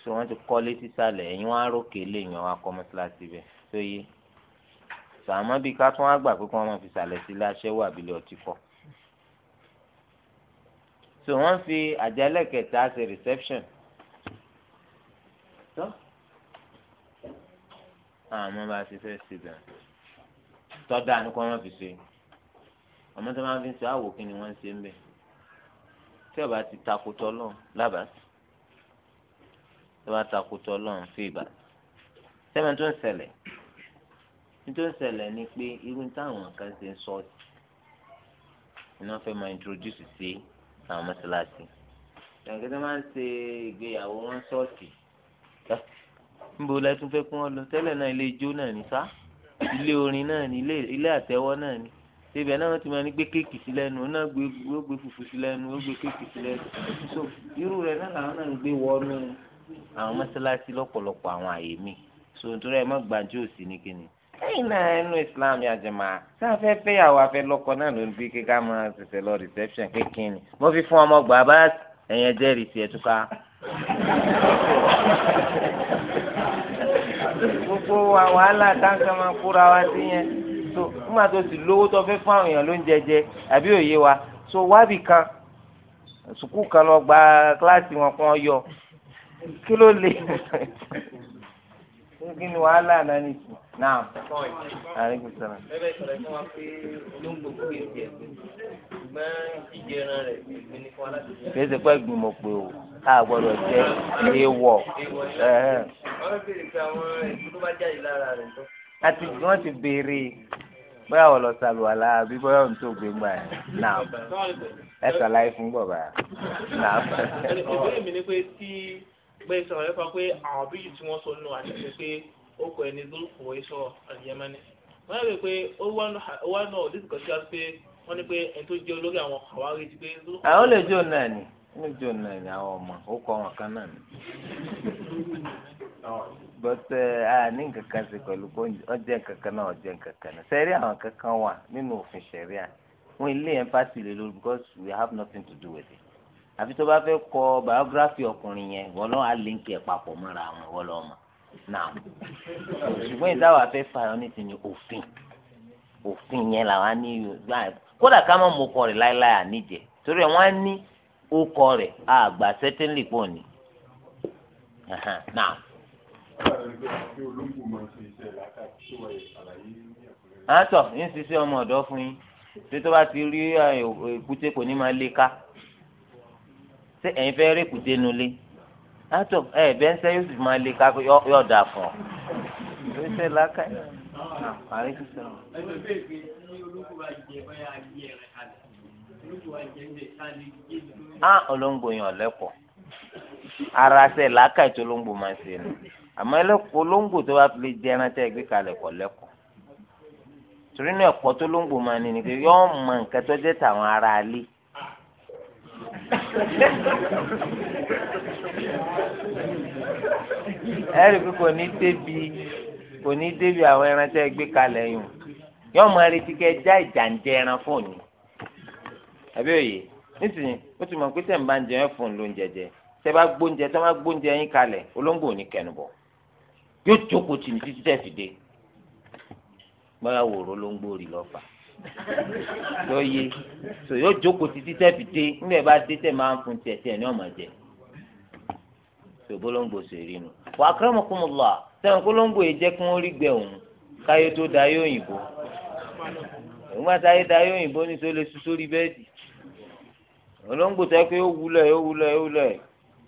sọ wọn ti kọ́lé sísàlẹ̀ ẹ̀yìn wọn arókè lè yàn wọn akọ́ mọ́ṣáláṣí bẹ́ẹ̀ tó yé sàmọ́ bíi ká tún wá gbà pé kí wọ́n máa fi sàlẹ̀ sí iléeṣẹ́ wà bílẹ̀ ọtí kọ́ sọ wọ́n fi àjálẹ̀ kẹta ṣe reception àmọ́ ah, bá a ti fẹ́ ṣe bẹ̀rẹ̀ tọ́da ni kọ́ wọn fi ṣe àmọ́ tó máa fi ṣe àwò kí ni wọ́n ń ṣe ń bẹ̀ tí ọba ti takotọ́ lọ́n lábàásì tí ọba takotọ́ lọ́n fi ìbà sẹ́mi tó ń ṣẹlẹ̀ tó ń ṣẹlẹ̀ ni pé irú táwọn kan ṣe ń sọ ọ́ ni wọ́n fẹ́ máa introduce sí àwọn mọ́ṣáláṣí ìyàgbẹ́ tó máa ń ṣe ìgbéyàwó wọn ṣọ́ọ̀ṣì níbo la tún fẹ́ kí wọ́n lọ tẹ́lẹ̀ náà ilé ijó náà ní sá ilé orin náà ní ilé àtẹ́wọ́ náà ní ibẹ̀ náà wọ́n ti máa ní gbé kéèkì sí lẹ́nu ó náà gbé ó gbé fùfú sí lẹ́nu ó gbé kéèkì sí lẹ́nu so irú rẹ̀ náà làwọn náà ń gbé wọnú àwọn mọ́sálásí lọ́pọ̀lọpọ̀ àwọn àyè mi so nítorí ẹ má gbàjú òsì ní kíni ẹ̀yin náà ẹnu Islam yà jẹ máa sáà fẹ́ fẹ́yàwó afẹ́ lọ́kọ náà ló ń bí kíkà máa ṣẹ̀ṣẹ̀ lọ reception kékin ni mo fi fún ọmọ gbà bá ẹ̀yẹn jẹ́rìí sí ẹ̀túká gbogbo wàhálà kankan máa wa sí yẹn so nígbà tó sì lówó tó fẹ́ fún àwọn èèyàn ló ń jẹjẹ àbí òye wa so wábì kan sùkúù kan lọ gba kíláàsì wọn kan yọ kí ló lè kí ni wàhálà náà ní ìsìn náà àríkù sọ̀rọ̀. bẹ́ẹ̀ sọ̀rọ̀ olóńgbò kú a gbọ́dọ̀ wọ́n béèrè pé àwọn èso tó bá jáde lára rẹ̀ tó. àti wọ́n ti béèrè bóyá wọ́n lọ sàlùwàlà àbí bóyá òun tó gbé gbà náà ẹ sàlàyé fún bàbá náà. ìbéèrè mi ni pé tí pé sọ̀rọ̀ nípa pé àwọn bíyì tí wọ́n sọ nù àṣẹ pé ó kọ ẹni lórúkọ iṣọ́ àjẹmánì wọ́n rẹ̀ pé ó wá náà òdì kan sí wa pé wọ́n ní pé ẹni tó jẹ́ olórí àwọn àwárí ti pé lórúkọ. àwọn lè jó náà ni ó lè náà ni àwọn ọmọ ó kọ wọn kan náà ni. bọ́tẹ́ uh, a ní nǹkan kan ṣe pẹ̀lú kó ọjẹ́ nǹkan kan náà ọjẹ́ nǹkan kan náà sẹ́rí àwọn kankan wà nínú òfin ilé yẹn fásitì lè lórí because we have nothing to do with it àfi tó bá fẹ́ kọ biography ọkùnrin yẹn wọ́n ẹ̀ papọ̀ mọ́ra àwọn náà ṣùgbọ́n fẹ́ òfin òfin yẹn làwọn á ní gbà kódà ká rẹ̀ àníjẹ torí wọn á ní kọ rẹ̀ àgbà certainly pọ̀ ni àtọ̀ ń ṣiṣẹ́ ọmọ ọ̀dọ́ fún yín tí tó bá ti rí èkúté kò ní máa lé ká ṣé ẹ̀yin fẹ́ rí èkúté nulẹ̀ àtọ̀ ẹ̀ bẹ́ẹ̀ ń sẹ́ yóò sì máa lé ká yọ̀ dà fún ọ ṣe laka yi àrí sísè lọ. ẹgbẹ́ bẹ́ẹ̀ pé ní olóko wa jẹ báyà ayé rẹ̀ kalẹ̀ olóko wa jẹ ńbẹ sáré jẹ lórí. á olóńgbò yàn lẹ́kọ̀ọ́ ara ṣe làákàtí olóńgbò máa ṣe nù àmọ́ ẹlẹ́kọ̀ọ́ lóńgbò tó bá fi lè jẹ ẹran tẹ́ ẹ gbé kalẹ̀ kọ̀ lẹ́kọ̀ọ́ torí inú ẹ̀kọ́ tó lóńgbò máa ní ni pé yọ́ọ́ mọ nǹkan tó jẹ́ tàwọn ará alé ẹ̀rì pé kò ní débi kò ní débi àwọn ẹran tẹ́ ẹ gbé kalẹ̀ yùn yọ́ọ́ mọ retí kẹ́ já ìjàǹjẹ ẹran fún òní àbí òye nísìnyí ó ti mọ̀ pé tẹ̀ ń bá ń jẹun fún un lóúnjẹ jẹ tẹ́ bá gbóúnjẹ tẹ́ bá gbóúnjẹ yín kalẹ̀ olóńgbò ò ní kẹnu yóò jókòó tì ní títí tẹ̀sí dé báyà wòró ló ń gbòòrì lọ́fà yóò yé so yóò jókòó títí tẹ̀sí dé nígbà bá dé tẹ̀ máa ń fún tiẹ̀ tiẹ̀ ní ọ̀mọ̀ jẹ so bólóńgbò ṣe rí nu wà á kẹ́rọ̀ mọ́kúnmọ́ lọ sẹ́wọ̀n kólóńgbò yìí jẹ́ kí wọ́n rí gbẹ̀ òun káyé tó da yóò yìnbó ìgbà táyé da yóò yìnbó ní sọ lè sọ sórí bẹ́ẹ̀dì olóńgbò tẹ́ pé ó wúlọ̀ ó wúlọ̀ ó wúlọ̀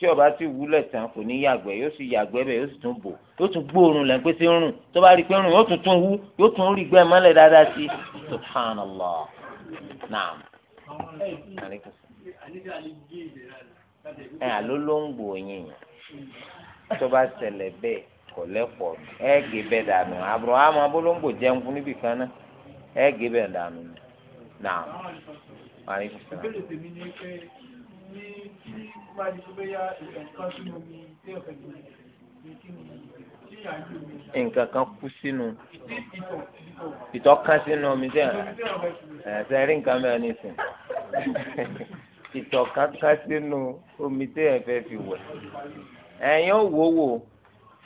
tí ó bá ti wúlẹ̀ tán kò ní yàgbẹ́ yóò sì yàgbẹ́ bẹ́ẹ̀ yóò sì tún bò yóò tún gbóòórùn lẹ́nu pé ṣé ń rùn tó bá rí i pé ń rùn yóò tún tún wú yóò tún rí gbẹ́ mọ́lẹ̀ dáadáa sí i subhanallah naam. ẹ àló ló ń gbò yín tó bá ṣẹlẹ̀ bẹ́ẹ̀ kò lẹ́pọ̀ ẹ gé bẹ́ẹ̀ dànù àbúrò àmọ́ abólóńgbò jẹun fún níbì kan náà ẹ gé bẹ́ẹ̀ dànù naam. ní kí máa di pé yá nǹkan sínú omi tí ọ̀fẹ́ tó ní kí ni kí yà ń lò mí. nǹkan kan kú sínú ìtọ̀ kan sínú omi tí ẹ̀sẹ̀ rí nǹkan mẹ́rin nísìn ìtọ̀ kan sínú omi tí ẹ̀ fẹ́ fi wẹ̀ ẹ̀yin ò wò wò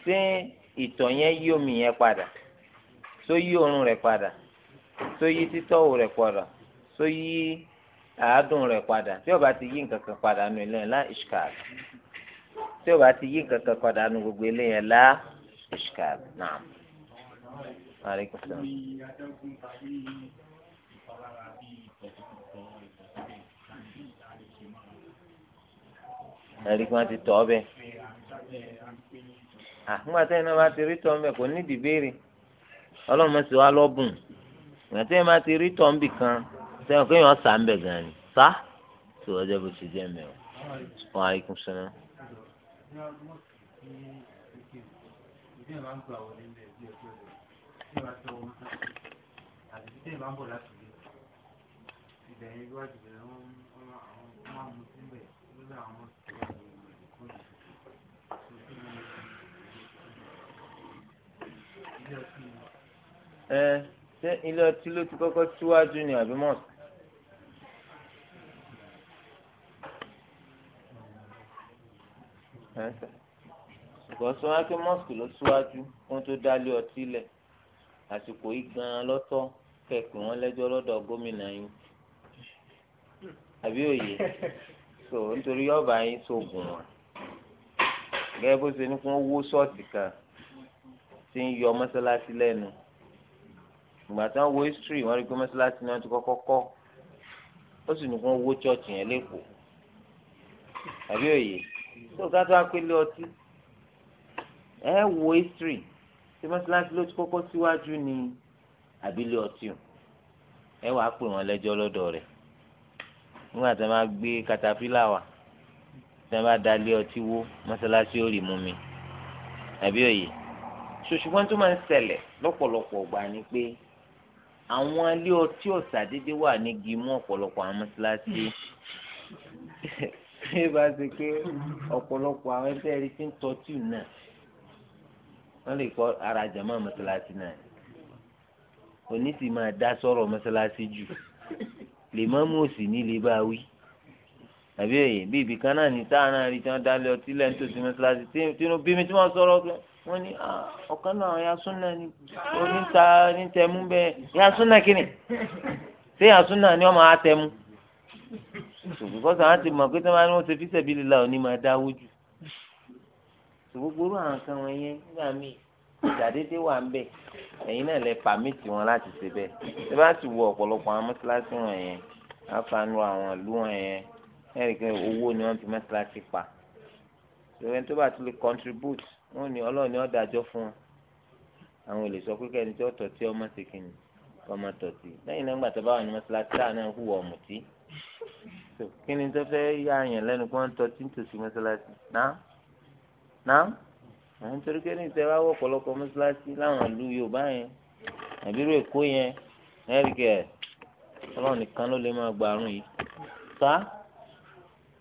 ṣé ìtọ̀ yẹn yí omi yẹn padà tó yí oorun rẹ̀ padà yí títọ́wò rẹ̀ padà yí. àádùn rẹ padà tí o bá ti yí nǹkan padà nù ilé yẹn lá ishkal tí bá ti yí nǹkan padà nù gbogbo ilé yẹn lá ishkal naam. Aleykum ti tọ́ ọbẹ̀. àgbà tẹ́yìn náà bá ti rí tọ́ kò sẹ́wọ̀n kéèyàn sà ń bẹ̀ gan ni sá tó ọjọ́ bó ti jẹ́ mẹ́wàá. wa aleykum salaam. ẹ ilé ọtí ló ti kọ́kọ́ síwájú ni àbí mọ́ọ̀sì. ṣùgbọ́n sọ wá pé mọ́sùkì ló síwájú kó tó dálé ọtí lẹ̀ àsìkò yìí gan-an lọ́tọ́ kẹ̀kẹ́ wọn lẹ́jọ́ lọ́dọ̀ gómìnà yín àbí òye so nítorí ọba yín sóògùn wọn gẹ́gẹ́ bó ṣe ní kí wọ́n wó ṣọ́ọ̀tì kan tí ń yọ mọ́sálásí lẹ́nu ìgbà tí wọ́n wo history wọ́n rí pé mọ́sálásí náà ti kọ́kọ́ kọ́ ó sì ní kí wọ́n wó ṣọ́ọ̀tì yẹn lẹ́kọ̀ọ́ àbí òye tó ká tó apélé ọtí ẹ wo history tí mọ́sálásí ló ti kọ́kọ́ síwájú ní àbílẹ̀ ọtí o ẹ wàá pè wọ́n lẹ́jọ́ lọ́dọ̀ rẹ̀ nígbà tí wọ́n bá gbé katapila wa tí wọ́n bá dalé ọtí wó mọ́sálásí ó rì mú mi àbí òye ṣùṣùgbọ́n tó máa ń ṣẹlẹ̀ lọ́pọ̀lọpọ̀ ọgbà ni pé àwọn ilé ọtí ọ̀sà déédéé wà ní gímú ọ̀pọ̀lọpọ̀ àwọn mọ́sálásí ṣé bá ṣe pé ọ̀pọ̀lọpọ̀ àwọn ẹgbẹ́ rí ti ń tọ́tù náà wọ́n lè kọ́ ara jàmá mọ́sálásí náà òní sì máa dá sọ̀rọ̀ mọ́sálásí jù lè má mú òsì nílé bá wí tàbí òye bí ibì kan náà ní táwọn náà rí tí wọ́n dálé ọtí lẹ́nu tó ti mọ́sálásí tínú bí mi tí wọ́n sọ̀rọ̀ wọ́n ní ah, ọ̀kan náà yasúnà ni oníta nítẹ̀mú bẹ́ẹ̀ yasúnà kí ṣé yasúnà ni wọ́n máa tẹ̀mú ṣùgbọ́n kọ́sà wọn ti mọ̀ pé tí wọ́n bá ní wọ́n ṣe fíṣẹ̀ bíi lílà òní máa dáwó jù ṣùgbọ́n gbogbo àwọn kan wọn yẹn nígbà míì ìdádédé wà ń bẹ ẹ̀yin náà lè pàmìtì wọn láti ṣe bẹ́ẹ̀ tí bá sì wo ọ̀pọ̀lọpọ̀ àwọn mọ́ṣáláṣí wọn yẹn àfààní àwọn ìlú wọn yẹn ẹ̀rí pé owó ni wọ́n fi mọ́ṣáláṣí pa ṣòwò ẹni tó bá ti lè contribute wọn ni ọlọ́run ni ó dájọ́ fún wọn àwọn olè sọ pé kẹ́ni tí ó tọ̀ tí ọmọ ṣe kìnnì ọmọ tọ̀ tí lẹ́yìn náà gbàtọ́ bá wà ní mọ́ṣáláṣí táà náà hùwà ọ̀mùtí kí ni tó fẹ́ yá àyàn lẹ́nu kí wọ́n tọ́ tí ń tòsí mọ́sálásí náà náà àwọn torí pé ní ìtẹ́wá wọ̀ ọ̀pọ̀lọpọ̀ mọ́sálásí láwọn ìlú Yorùbá yẹn àbírò Èkó yẹn ẹ̀ríkẹ́ ọlọ́run nìkan ló lè máa gba àrùn yìí sá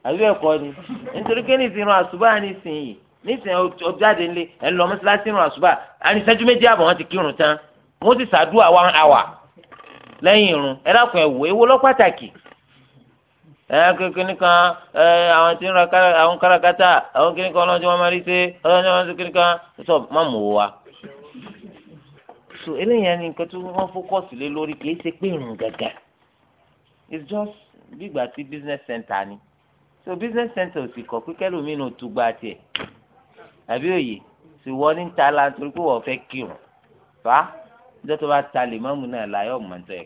àbí ẹ̀kọ́ ni nítorí pé ní ìsìn irun àṣùbà nísìnyìí nísìnyìí ọjáde ńlẹ̀ ẹ̀ ń lọ mọ́sálásí irun àṣùbà àníṣẹ́jú méjì àbọ̀ wọn ti kírun tán wọ́n ti ṣàdúrà one hour lẹ́yìn irun ẹ dákun ẹ̀ wò ewo lọ́ pàtàkì ẹ kékeré kan ẹ àwọn tí ń ra àwọn kárakáta àwọn kékeré kan ọlọ́jọ́ wọn máa rí ṣe ọlọ́jọ́ wọn ṣe kékeré kan sọ má mú o wa. so eléyìí ẹni nǹkan tí wọ́n fókọ̀sì lé lórí kì í ṣe pé ìrùn gàgà it's just bí ìgbà tí business center ni so business center ò sì kọ̀ pé kẹ́lòmíì náà tún gba tiẹ̀ àbí òye sì wọ́n ní ta la torí pé wọ́n fẹ́ kírun fa ìjọ́ tó bá ta lè mọ́mù náà láyọ̀ mọ́tò ẹ̀